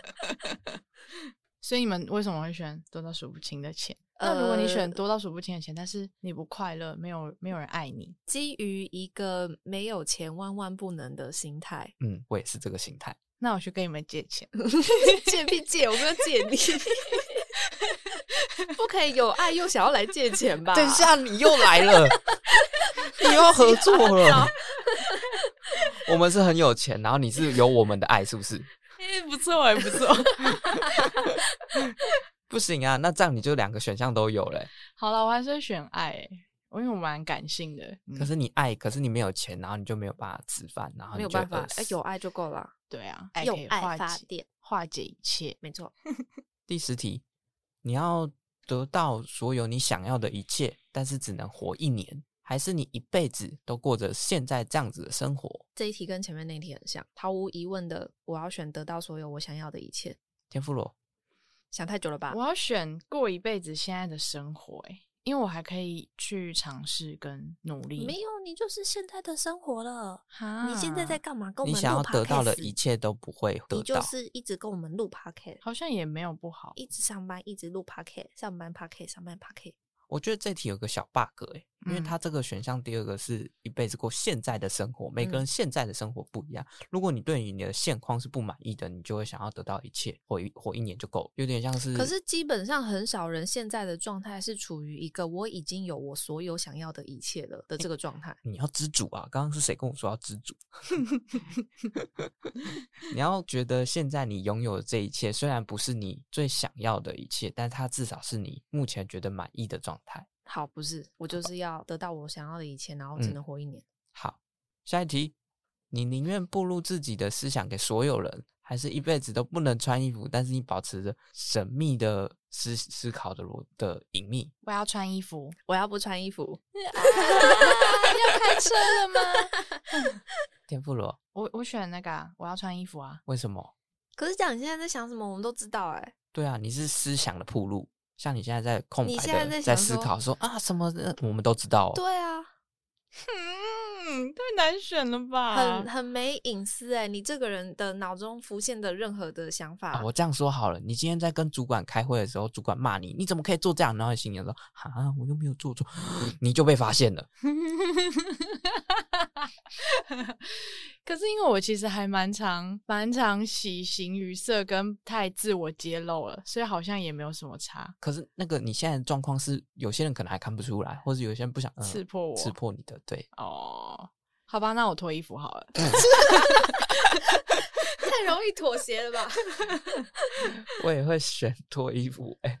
*laughs* *laughs* 所以你們為什麼會選多到數不清的錢？呃，那如果你選多到數不清的錢，但是你不快樂，沒有沒有人愛你，基於一個沒有錢萬萬不能的心態，嗯，我也是這個心態。那我去跟你們借錢， *laughs* 借必借，我不要借你，不可以有愛又想要來借錢吧？等一下你又來了， *laughs* 你又合作了， *laughs* 我們是很有錢，然後你是有我們的愛，是不是？欸、不錯、欸，還不錯， *laughs* 不行啊，那這樣你就兩個選項都有嘞、欸。好了，我還是選愛、欸。我因為我蠻感性的，可是你愛、嗯，可是你沒有錢，然後你就沒有辦法吃飯，然後你沒有辦法，哎、呃，有愛就夠了，對啊，愛有愛發電，化解一切，沒錯。 *laughs* 第十題，你要得到所有你想要的一切，但是只能活一年，還是你一輩子都過着現在這樣子的生活？這一題跟前面那一題很像，毫無疑問的，我要選得到所有我想要的一切，天婦羅，想太久了吧？我要選過一輩子現在的生活、欸，因為我還可以去嘗試跟努力，沒有你就是現在的生活了。哈？你現在在幹嘛？跟我們錄 podcast？你想要得到的一切都不會得到。你就是一直跟我們錄 podcast，好像也沒有不好。一直上班，一直錄 podcast，上班 podcast，上班 podcast。我覺得這題有個小 bug 哎、欸。嗯、因為它這個選項，第二個是一輩子過現在的生活。每個人現在的生活不一樣。嗯、如果你對於你的現況是不滿意的，你就會想要得到一切，活一活一年就夠了。有點像是，可是基本上很少人現在的狀態是處於一個我已經有我所有想要的一切了的，的這個狀態、欸。你要知足啊！剛剛是誰跟我說要知足？ *laughs* *laughs* 你要覺得現在你擁有的這一切，雖然不是你最想要的一切，但它至少是你目前覺得滿意的狀態。好，不是我就是要得到我想要的一切，然後只能活一年。嗯、好，下一題，你寧願暴露自己的思想給所有人，還是一輩子都不能穿衣服，但是你保持着神秘的思思考的羅的隱秘？我要穿衣服，我要不穿衣服， *laughs* 啊、要開車了嗎？天婦羅，我我選那個、啊，我要穿衣服啊！為什麼？可是講你現在在想什麼，我們都知道哎、欸。對啊，你是思想的暴露。像你現在在控制在，在，在思考說啊什麼？我們都知道。對啊，哼、嗯，太難選了吧？很很沒隱私哎、欸！你這個人的腦中浮現的任何的想法、啊，我這樣說好了，你今天在跟主管開會的時候，主管罵你，你怎麼可以做這樣呢？然後心裡說啊，我又沒有做錯，你就被發現了。 *laughs* 可是因為我其實還蠻常蠻常喜形於色跟太自我揭露了，所以好像也沒有什麼差。可是那個你現在的狀況是有些人可能還看不出來，或者有些人不想、呃、刺破我，刺破你的，對。哦，好吧，那我脫衣服好了。 *laughs* *laughs* *laughs* 太容易妥協了吧？ *laughs* 我也會選脫衣服、欸。哎，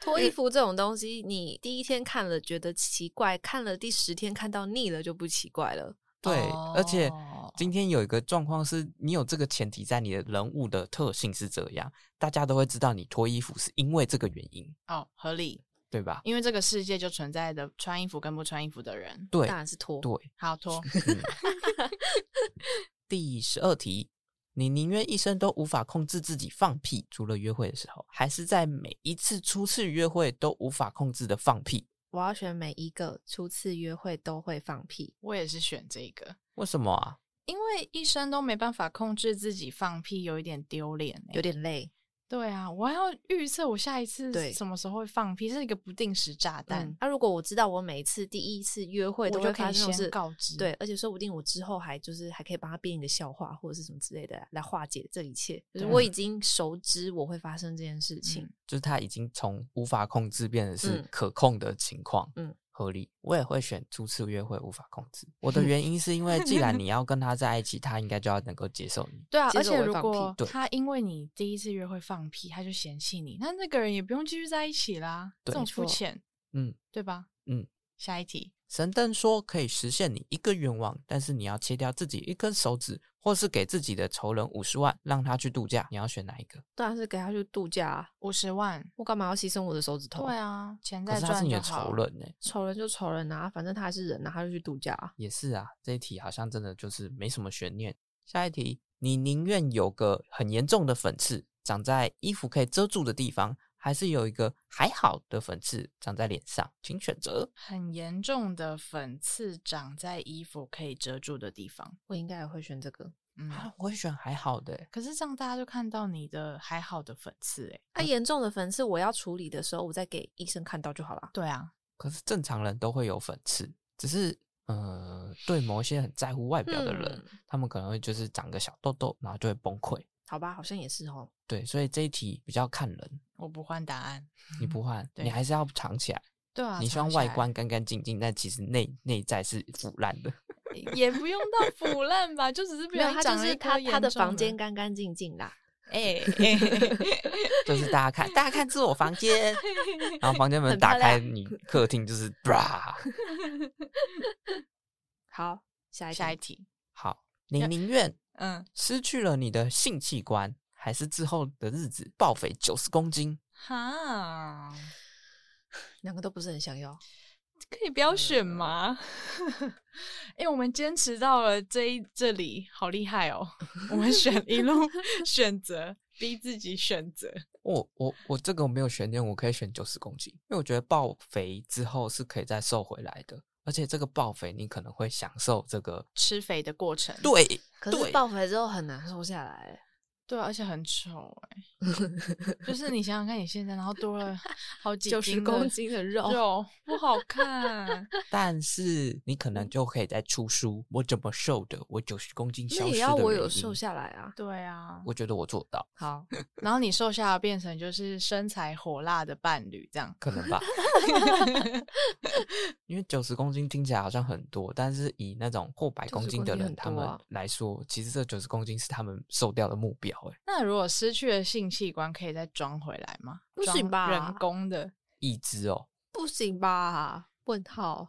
脫衣服這種東西，你第一天看了覺得奇怪，看了第十天看到膩了就不奇怪了。對，而且今天有一個狀況是，你有這個前提在，你的人物的特性是這樣，大家都會知道你脫衣服是因為這個原因。哦，合理，對吧？因為這個世界就存在着穿衣服跟不穿衣服的人，對，當然是脫。對，好，脫。嗯、 *laughs* *laughs* 第十二題，你寧願一生都無法控制自己放屁，除了約會的時候，還是在每一次初次約會都無法控制的放屁？我要選每一個初次約會都會放屁。我也是選這個，為什麼啊？因為一生都沒辦法控制自己放屁，有一點丟臉、欸，有點累。對啊，我還要預測我下一次什麼時候會放屁，這是一個不定時炸彈。那、嗯啊、如果我知道我每一次第一次約會，都會，我就可以先告知。對，而且說不定我之後還就是還可以幫他編一個笑話或者是什麼之類的來化解這一切。就是我已經熟知我會發生這件事情，嗯、就是他已經從無法控制變成是可控的情況。嗯。嗯我也會選初次約會無法控制。我的原因是因為，既然你要跟他在一起， *laughs* 他應該就要能夠接受你。對啊，而且如果他因為你第一次約會放屁，他就嫌棄你，那那個人也不用繼續在一起啦。這種膚淺，嗯，對吧？嗯。下一題，神燈說可以實現你一個願望，但是你要切掉自己一根手指，或是給自己的仇人五十萬，讓他去度假。你要選哪一個？當然是給他去度假，啊，五十萬，我幹嘛要犧牲我的手指頭？對啊，錢在賺，可是他是你的仇人呢？欸，仇人就仇人啊，反正他還是人，啊，他就去度假啊。也是啊，這一題好像真的就是沒什麼懸念。下一題，你寧願有個很嚴重的粉刺長在衣服可以遮住的地方？還是有一個還好的粉刺長在臉上，請選擇。很嚴重的粉刺長在衣服可以遮住的地方，我應該也會選這個。嗯、啊，我會選還好的。可是這樣大家就看到你的還好的粉刺，哎、啊，那嚴重的粉刺我要處理的時候，我再給醫生看到就好了。對、嗯、啊，可是正常人都會有粉刺，只是呃，對某些很在乎外表的人、嗯，他們可能會就是長個小痘痘，然後就會崩潰。好吧，好像也是哦。對，所以這一題比較看人。我不換答案，你不換、嗯，你還是要藏起來。對啊，你希望外觀乾乾淨淨，但其實內內在是腐爛的。也不用到腐爛吧， *laughs* 就只是不要他就是他 *laughs* 他的房間乾乾淨淨啦。哎 *laughs* *laughs* 就是大家看，大家看，這是我房間。 *laughs* 然後房間門打開， *laughs* 你客廳就是。 *laughs* 好，下一下一題。好，你寧願。嗯，失去了你的性器官，還是之後的日子，暴肥九十公斤？哈，兩個都不是很想要， *laughs* 可以不要選嗎？為、呃 *laughs* 欸、我們堅持到了這這裡，好厲害哦！ *laughs* 我們選一路選擇， *laughs* 逼自己選擇。我我我這個我沒有懸念，我可以選九十公斤，因為我覺得暴肥之後是可以再瘦回來的。而且這個爆肥，你可能會享受這個吃肥的過程。對，可是爆肥之後很難瘦下來。對、啊，而且很醜哎、欸， *laughs* 就是你想想看，你現在然後多了好幾十公斤的肉，不好看、啊。但是你可能就可以再出書，我怎麼瘦的？我九十公斤消，那也要我有瘦下來啊？對啊，我覺得我做到。好。然後你瘦下來，變成就是身材火辣的伴侶這樣？ *laughs* 可能吧， *laughs* 因為九十公斤聽起來好像很多，但是以那種過百公斤的人斤、啊、他們來說，其實這九十公斤是他們瘦掉的目標。那如果失去了性器官，可以再裝回來嗎？不行吧、啊？人工的義肢哦？不行吧、啊？問號。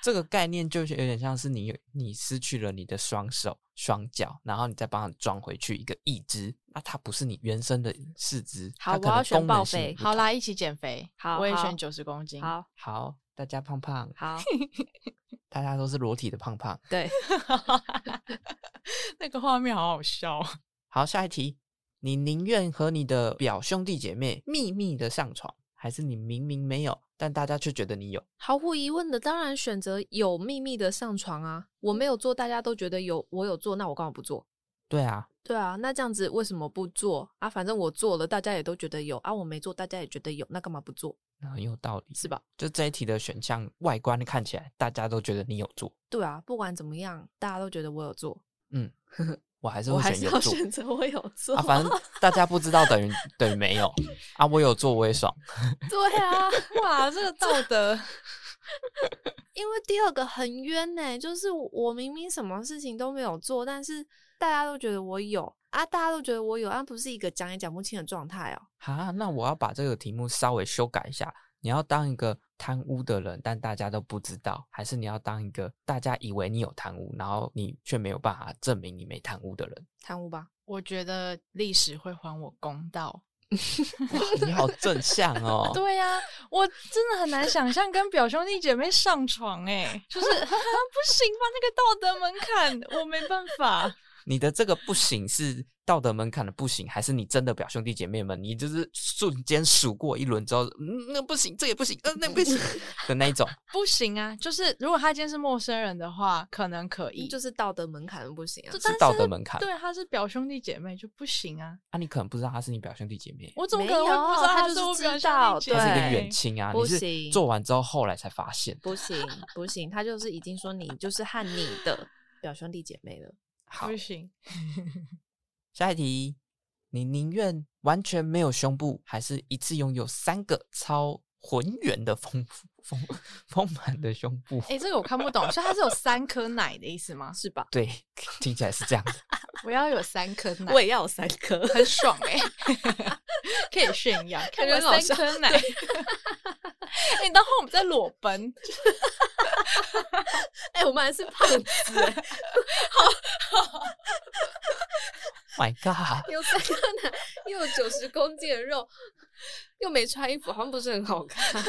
這個概念就是有點像是你，你失去了你的雙手雙腳，然後你再幫你裝回去一個義肢，那它不是你原生的四肢。能能好，我要選爆肥。好啦，一起減肥。好，我也選九十公斤好。好，好，大家胖胖。好， *laughs* 大家都是裸體的胖胖。對， *laughs* 那個畫面好好笑。好，下一題，你寧願和你的表兄弟姐妹秘密的上床，還是你明明沒有，但大家卻覺得你有？毫無疑問的，當然選擇有秘密的上床啊！我沒有做，大家都覺得有，我有做，那我幹嘛不做？對啊，對啊，那這樣子為什麼不做啊？反正我做了，大家也都覺得有啊！我沒做，大家也覺得有，那幹嘛不做？那很有道理，是吧？就這一題的選項外觀看起來，大家都覺得你有做。對啊，不管怎麼樣，大家都覺得我有做。嗯。 *laughs* 我還是會選擇我，我有做啊，反正大家不知道等於等於沒有啊，我有做我也爽。對啊，哇，這個道德。 *laughs* *laughs* 因為第二個很冤呢，就是我明明什麼事情都沒有做，但是大家都覺得我有啊，大家都覺得我有，那、啊、不是一個講也講不清的狀態哦。好、啊，那我要把這個題目稍微修改一下，你要當一個。貪污的人，但大家都不知道，還是你要當一個大家以為你有貪污，然後你卻沒有辦法證明你沒貪污的人？貪污吧，我覺得歷史會還我公道。你好正向哦。 *laughs* 對呀，啊，我真的很難想象跟表兄弟姐妹上床，欸，哎，就是 *laughs* *laughs* 不行吧？那個道德門檻，我沒辦法。你的這個不行是道德門檻的不行，還是你真的表兄弟姐妹們？你就是瞬間數過一輪之後，嗯，那不行，這也不行，呃，那不行 *laughs* 的那一種不行啊。就是如果他今天是陌生人的話，可能可以，嗯、就是道德門檻的不行啊。這是道德門檻，對，他是表兄弟姐妹就不行啊。啊，你可能不知道他是你表兄弟姐妹。啊，我怎麼可能會不知道他是我表弟？他是知道他是一個遠親啊，不行，你是做完之後後來才發現，不行，不行，他就是已經說你就是和你的表兄弟姐妹了。好，不行。 *laughs* 下一題，你寧願完全沒有胸部，還是一次擁有三個超渾圓的豐豐豐滿的胸部？哎、欸，這個我看不懂，所以它是有三顆奶的意思嗎？是吧？對，聽起來是這樣的。 *laughs* 我要有三顆奶，我也要有三顆，很爽哎、欸， *laughs* *laughs* 可以炫耀， *laughs* 看看 *laughs* 看笑三顆顆奶。哎、 *laughs* 欸，你等會我們再裸奔。 *laughs* *laughs* 哎、 *laughs* 欸，我們還是胖子、欸 *laughs* 好，好好、oh、，My God，有三個奶，又有九十公斤的肉，又沒穿衣服，好像不是很好看。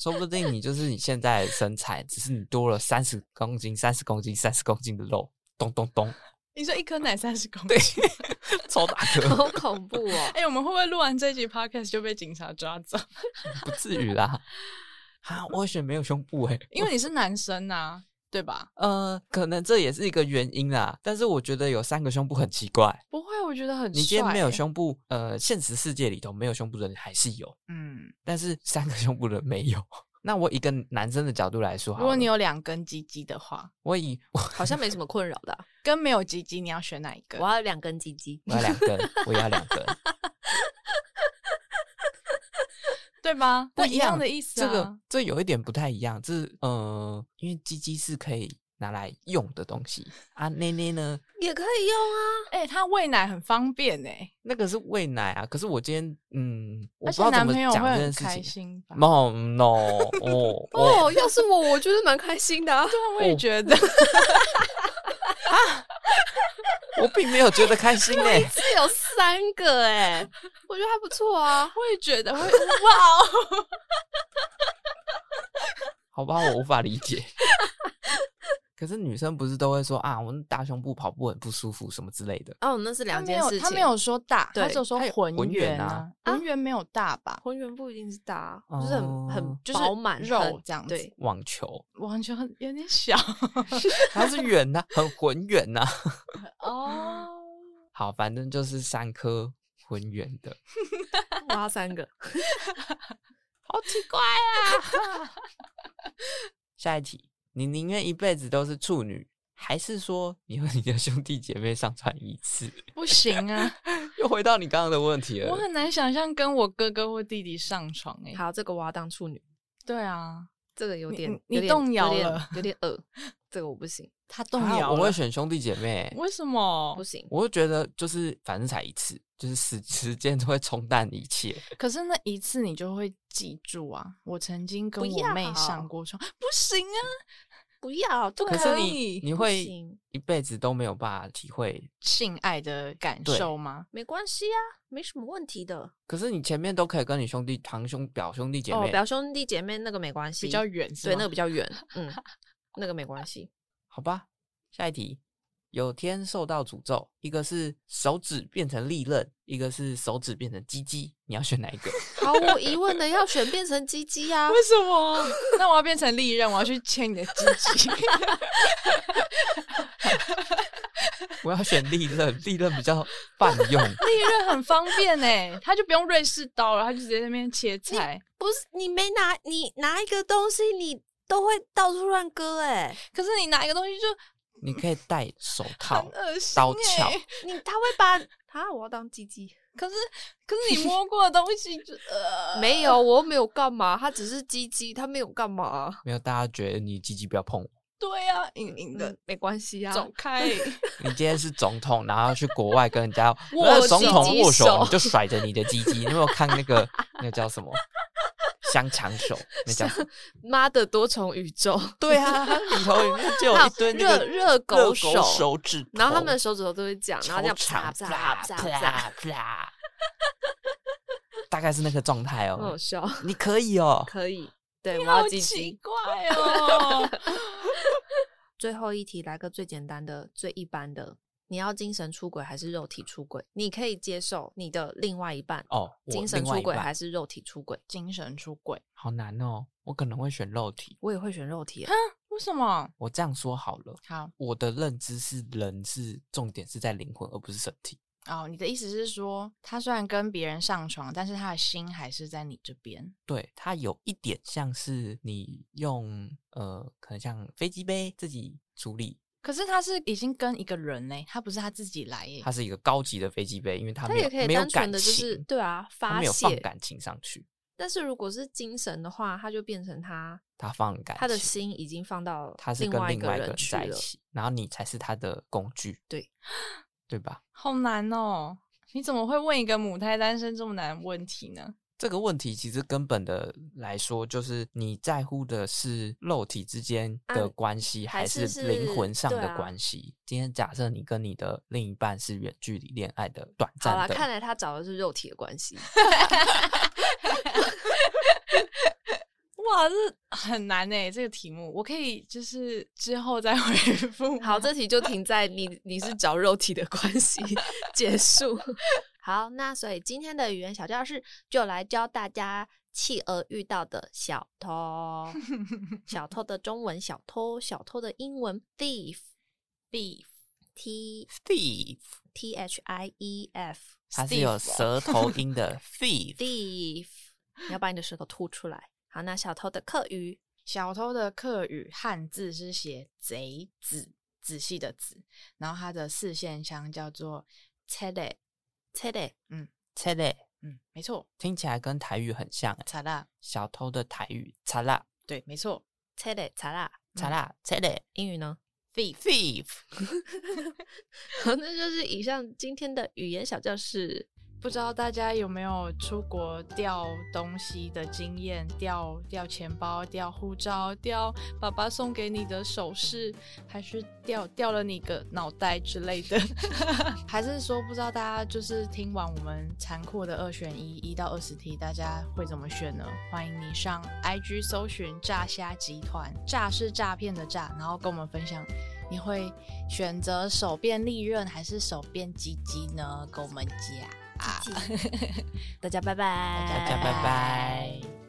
說不定你就是你現在的身材，只是你多了三十公斤、三十公斤、三十公斤的肉，咚咚咚。你說一顆奶三十公斤， *laughs* 對，超大顆，好恐怖哦！哎、欸，我們會不會錄完這集 Podcast 就被警察抓走？不至於啦。啊，我選沒有胸部哎、欸，因為你是男生吶、啊，對吧？呃，可能這也是一個原因啦。但是我覺得有三個胸部很奇怪，不會，我覺得很奇怪。你今天沒有胸部，呃，現實世界裡頭沒有胸部的人還是有，嗯。但是三個胸部的人沒有。 *laughs* 那我以一個男生的角度來說，如果你有兩根雞雞的話，我以我好像沒什麼困擾的、啊。 *laughs* 跟沒有雞雞，你要選哪一個？我要兩根雞雞，我要兩根。我要兩根。 *laughs* 對嗎？不一樣，一樣的意思、啊。這個這有一點不太一樣，這嗯、呃，因為雞雞是可以拿來用的東西啊，內內呢也可以用啊。哎、欸，它餵奶很方便哎、欸。那個是餵奶啊，可是我今天嗯，男朋友我不知道怎麼講這件事情。會很開心吧？no no 哦哦，要是我，我覺得蠻開心的、啊，當 *laughs* 然我也覺得。Oh. *laughs* *laughs* 我並沒有覺得開心誒、欸，一次有三個誒、欸，我覺得還不錯啊，我 *laughs* 也覺得會、wow，哇 *laughs* ，好吧，我無法理解。 *laughs* 可是女生不是都會說啊，我大胸部跑步很不舒服什麼之類的。哦，那是兩件事情。他沒有，他沒有說大，他只有說渾圓啊，渾、啊、圓沒有大吧？渾圓不一定是大、啊嗯，就是很很就是飽滿肉很這樣子。對。網球，網球很有點小， *laughs* 它是圓遠的、啊， *laughs* 很渾圓呢。哦、 *laughs* oh.，好，反正就是三顆渾圓的，挖 *laughs* 三個， *laughs* 好奇怪啊。 *laughs* 下一題。你寧願一輩子都是處女，還是說你和你的兄弟姐妹上床一次？不行啊！ *laughs* 又回到你剛剛的問題了。我很難想象跟我哥哥或弟弟上床誒、欸。好，這個我要當處女。對啊。這個有點，你，你動搖了，有點噁， *laughs* 這個我不行。他動搖，我會選兄弟姐妹、欸。 *laughs* 為什麼不行？我會覺得就是，反正才一次，就是時時間就會沖淡一切。可是那一次你就會記住啊！我曾經跟我妹上過床，不行啊。不要，可以、對啊。你會一輩子都沒有辦法體會性愛的感受嗎？沒關係呀、啊，沒什麼問題的。可是你前面都可以跟你兄弟、堂兄、表兄弟姐妹、哦、表兄弟姐妹那個沒關係，比較遠，對，那個比較遠， *laughs* 嗯，那個沒關係，好吧，下一題。有天受到詛咒，一個是手指變成利刃，一個是手指變成雞雞。你要選哪一個？毫無疑問的，要選變成雞雞啊！為什麼？那我要變成利刃，我要去切你的雞雞。 *laughs* *laughs* *laughs* 我要選利刃，利刃比較泛用，利刃很方便誒、欸，他就不用瑞士刀了，他就直接在那邊切菜。不是你沒拿，你拿一個東西，你都會到處亂割誒。可是你拿一個東西就。你可以戴手套、欸、刀鞘，你他會把他，我要當雞雞。可是，可是你摸過的東西 *laughs* 呃，沒有，我又沒有幹嘛，他只是雞雞，他沒有幹嘛、啊。沒有，大家覺得你雞雞不要碰我。對呀、啊，硬硬的、嗯、沒關係呀、啊，走開。 *laughs* 你今天是總統，然後去國外跟人家握總統握手，你就甩着你的雞雞。你有沒有看那個，那 *laughs* 個叫什麼？像搶手，那叫媽的多重宇宙，對啊，它 *laughs* 裡頭裡面就有一堆、那個、熱熱狗手熱狗手，手指，然後他們的手指頭都會講，然後要搶，啪，啪，啪，啪，啪，啪，啪，啪，啪大概是那個狀態哦，好笑，你可以哦，可以，對，你好奇怪哦， *laughs* 最後一題來個最簡單的、最一般的。你要精神出軌還是肉體出軌？你可以接受你的另外一半哦，一半，精神出軌還是肉體出軌？精神出軌，好難哦。我可能會選肉體，我也會選肉體。哼，為什麼？我這樣說好了。好，我的認知是，人是重點是在靈魂，而不是身體。哦，你的意思是說，他雖然跟別人上床，但是他的心還是在你這邊。對，他有一點像是你用呃，可能像飛機杯自己處理。可是他是已經跟一個人呢、欸，他不是他自己來、欸，他是一個高級的飛機杯，因為他沒有可以可以單純的、就是、沒有感情，對啊，發泄他沒有放感情上去。但是如果是精神的話，他就變成他他放感他的心已經放到了了，他是跟另外一個人在一起，然後你才是他的工具，對，對吧？好難哦、喔，你怎麼會問一個母胎單身這麼難的問題呢？這個問題其實根本的來說，就是你在乎的是肉體之間的關係，還是靈魂上的關係、啊是是啊？今天假設你跟你的另一半是遠距離戀愛的短暫的好了，看來他找的是肉體的關係。 *laughs* *laughs* *laughs* 哇，這很難誒、欸，這個題目我可以就是之後再回復。好，這題就停在你你是找肉體的關係 *laughs* 結束。好，那所以今天的語言小教室就來教大家，企鵝遇到的小偷。小偷的中文，小偷，小偷的英文 thief，thief，t，thief，t h i e f，它是有舌頭音的 thief，thief *laughs* Thief, 你要把你的舌頭吐出來。好，那小偷的客語，小偷的客語漢字是寫賊仔，仔細的仔，然後它的四縣腔叫做 teddy。竊的，嗯，竊的，嗯，沒錯，聽起來跟台語很像，賊啦，小偷的台語，賊啦，對，沒錯，竊的，賊啦，賊啦，嗯，竊的，英語呢，thief，thief *laughs* *laughs* 好，那就是以上今天的語言小教室。不知道大家有沒有出國掉東西的經驗？掉掉錢包、掉護照、掉爸爸送給你的首飾，還是掉掉了你個腦袋之類的？ *laughs* 還是說，不知道大家就是聽完我們殘酷的二選一，一到二十題，大家會怎麼選呢？歡迎你上 IG 搜尋“詐蝦集團”，詐是詐騙的詐，然後跟我們分享你會選擇手變利刃還是手變雞雞呢？跟我們講。大、啊、家， *laughs* 拜拜！大家拜拜！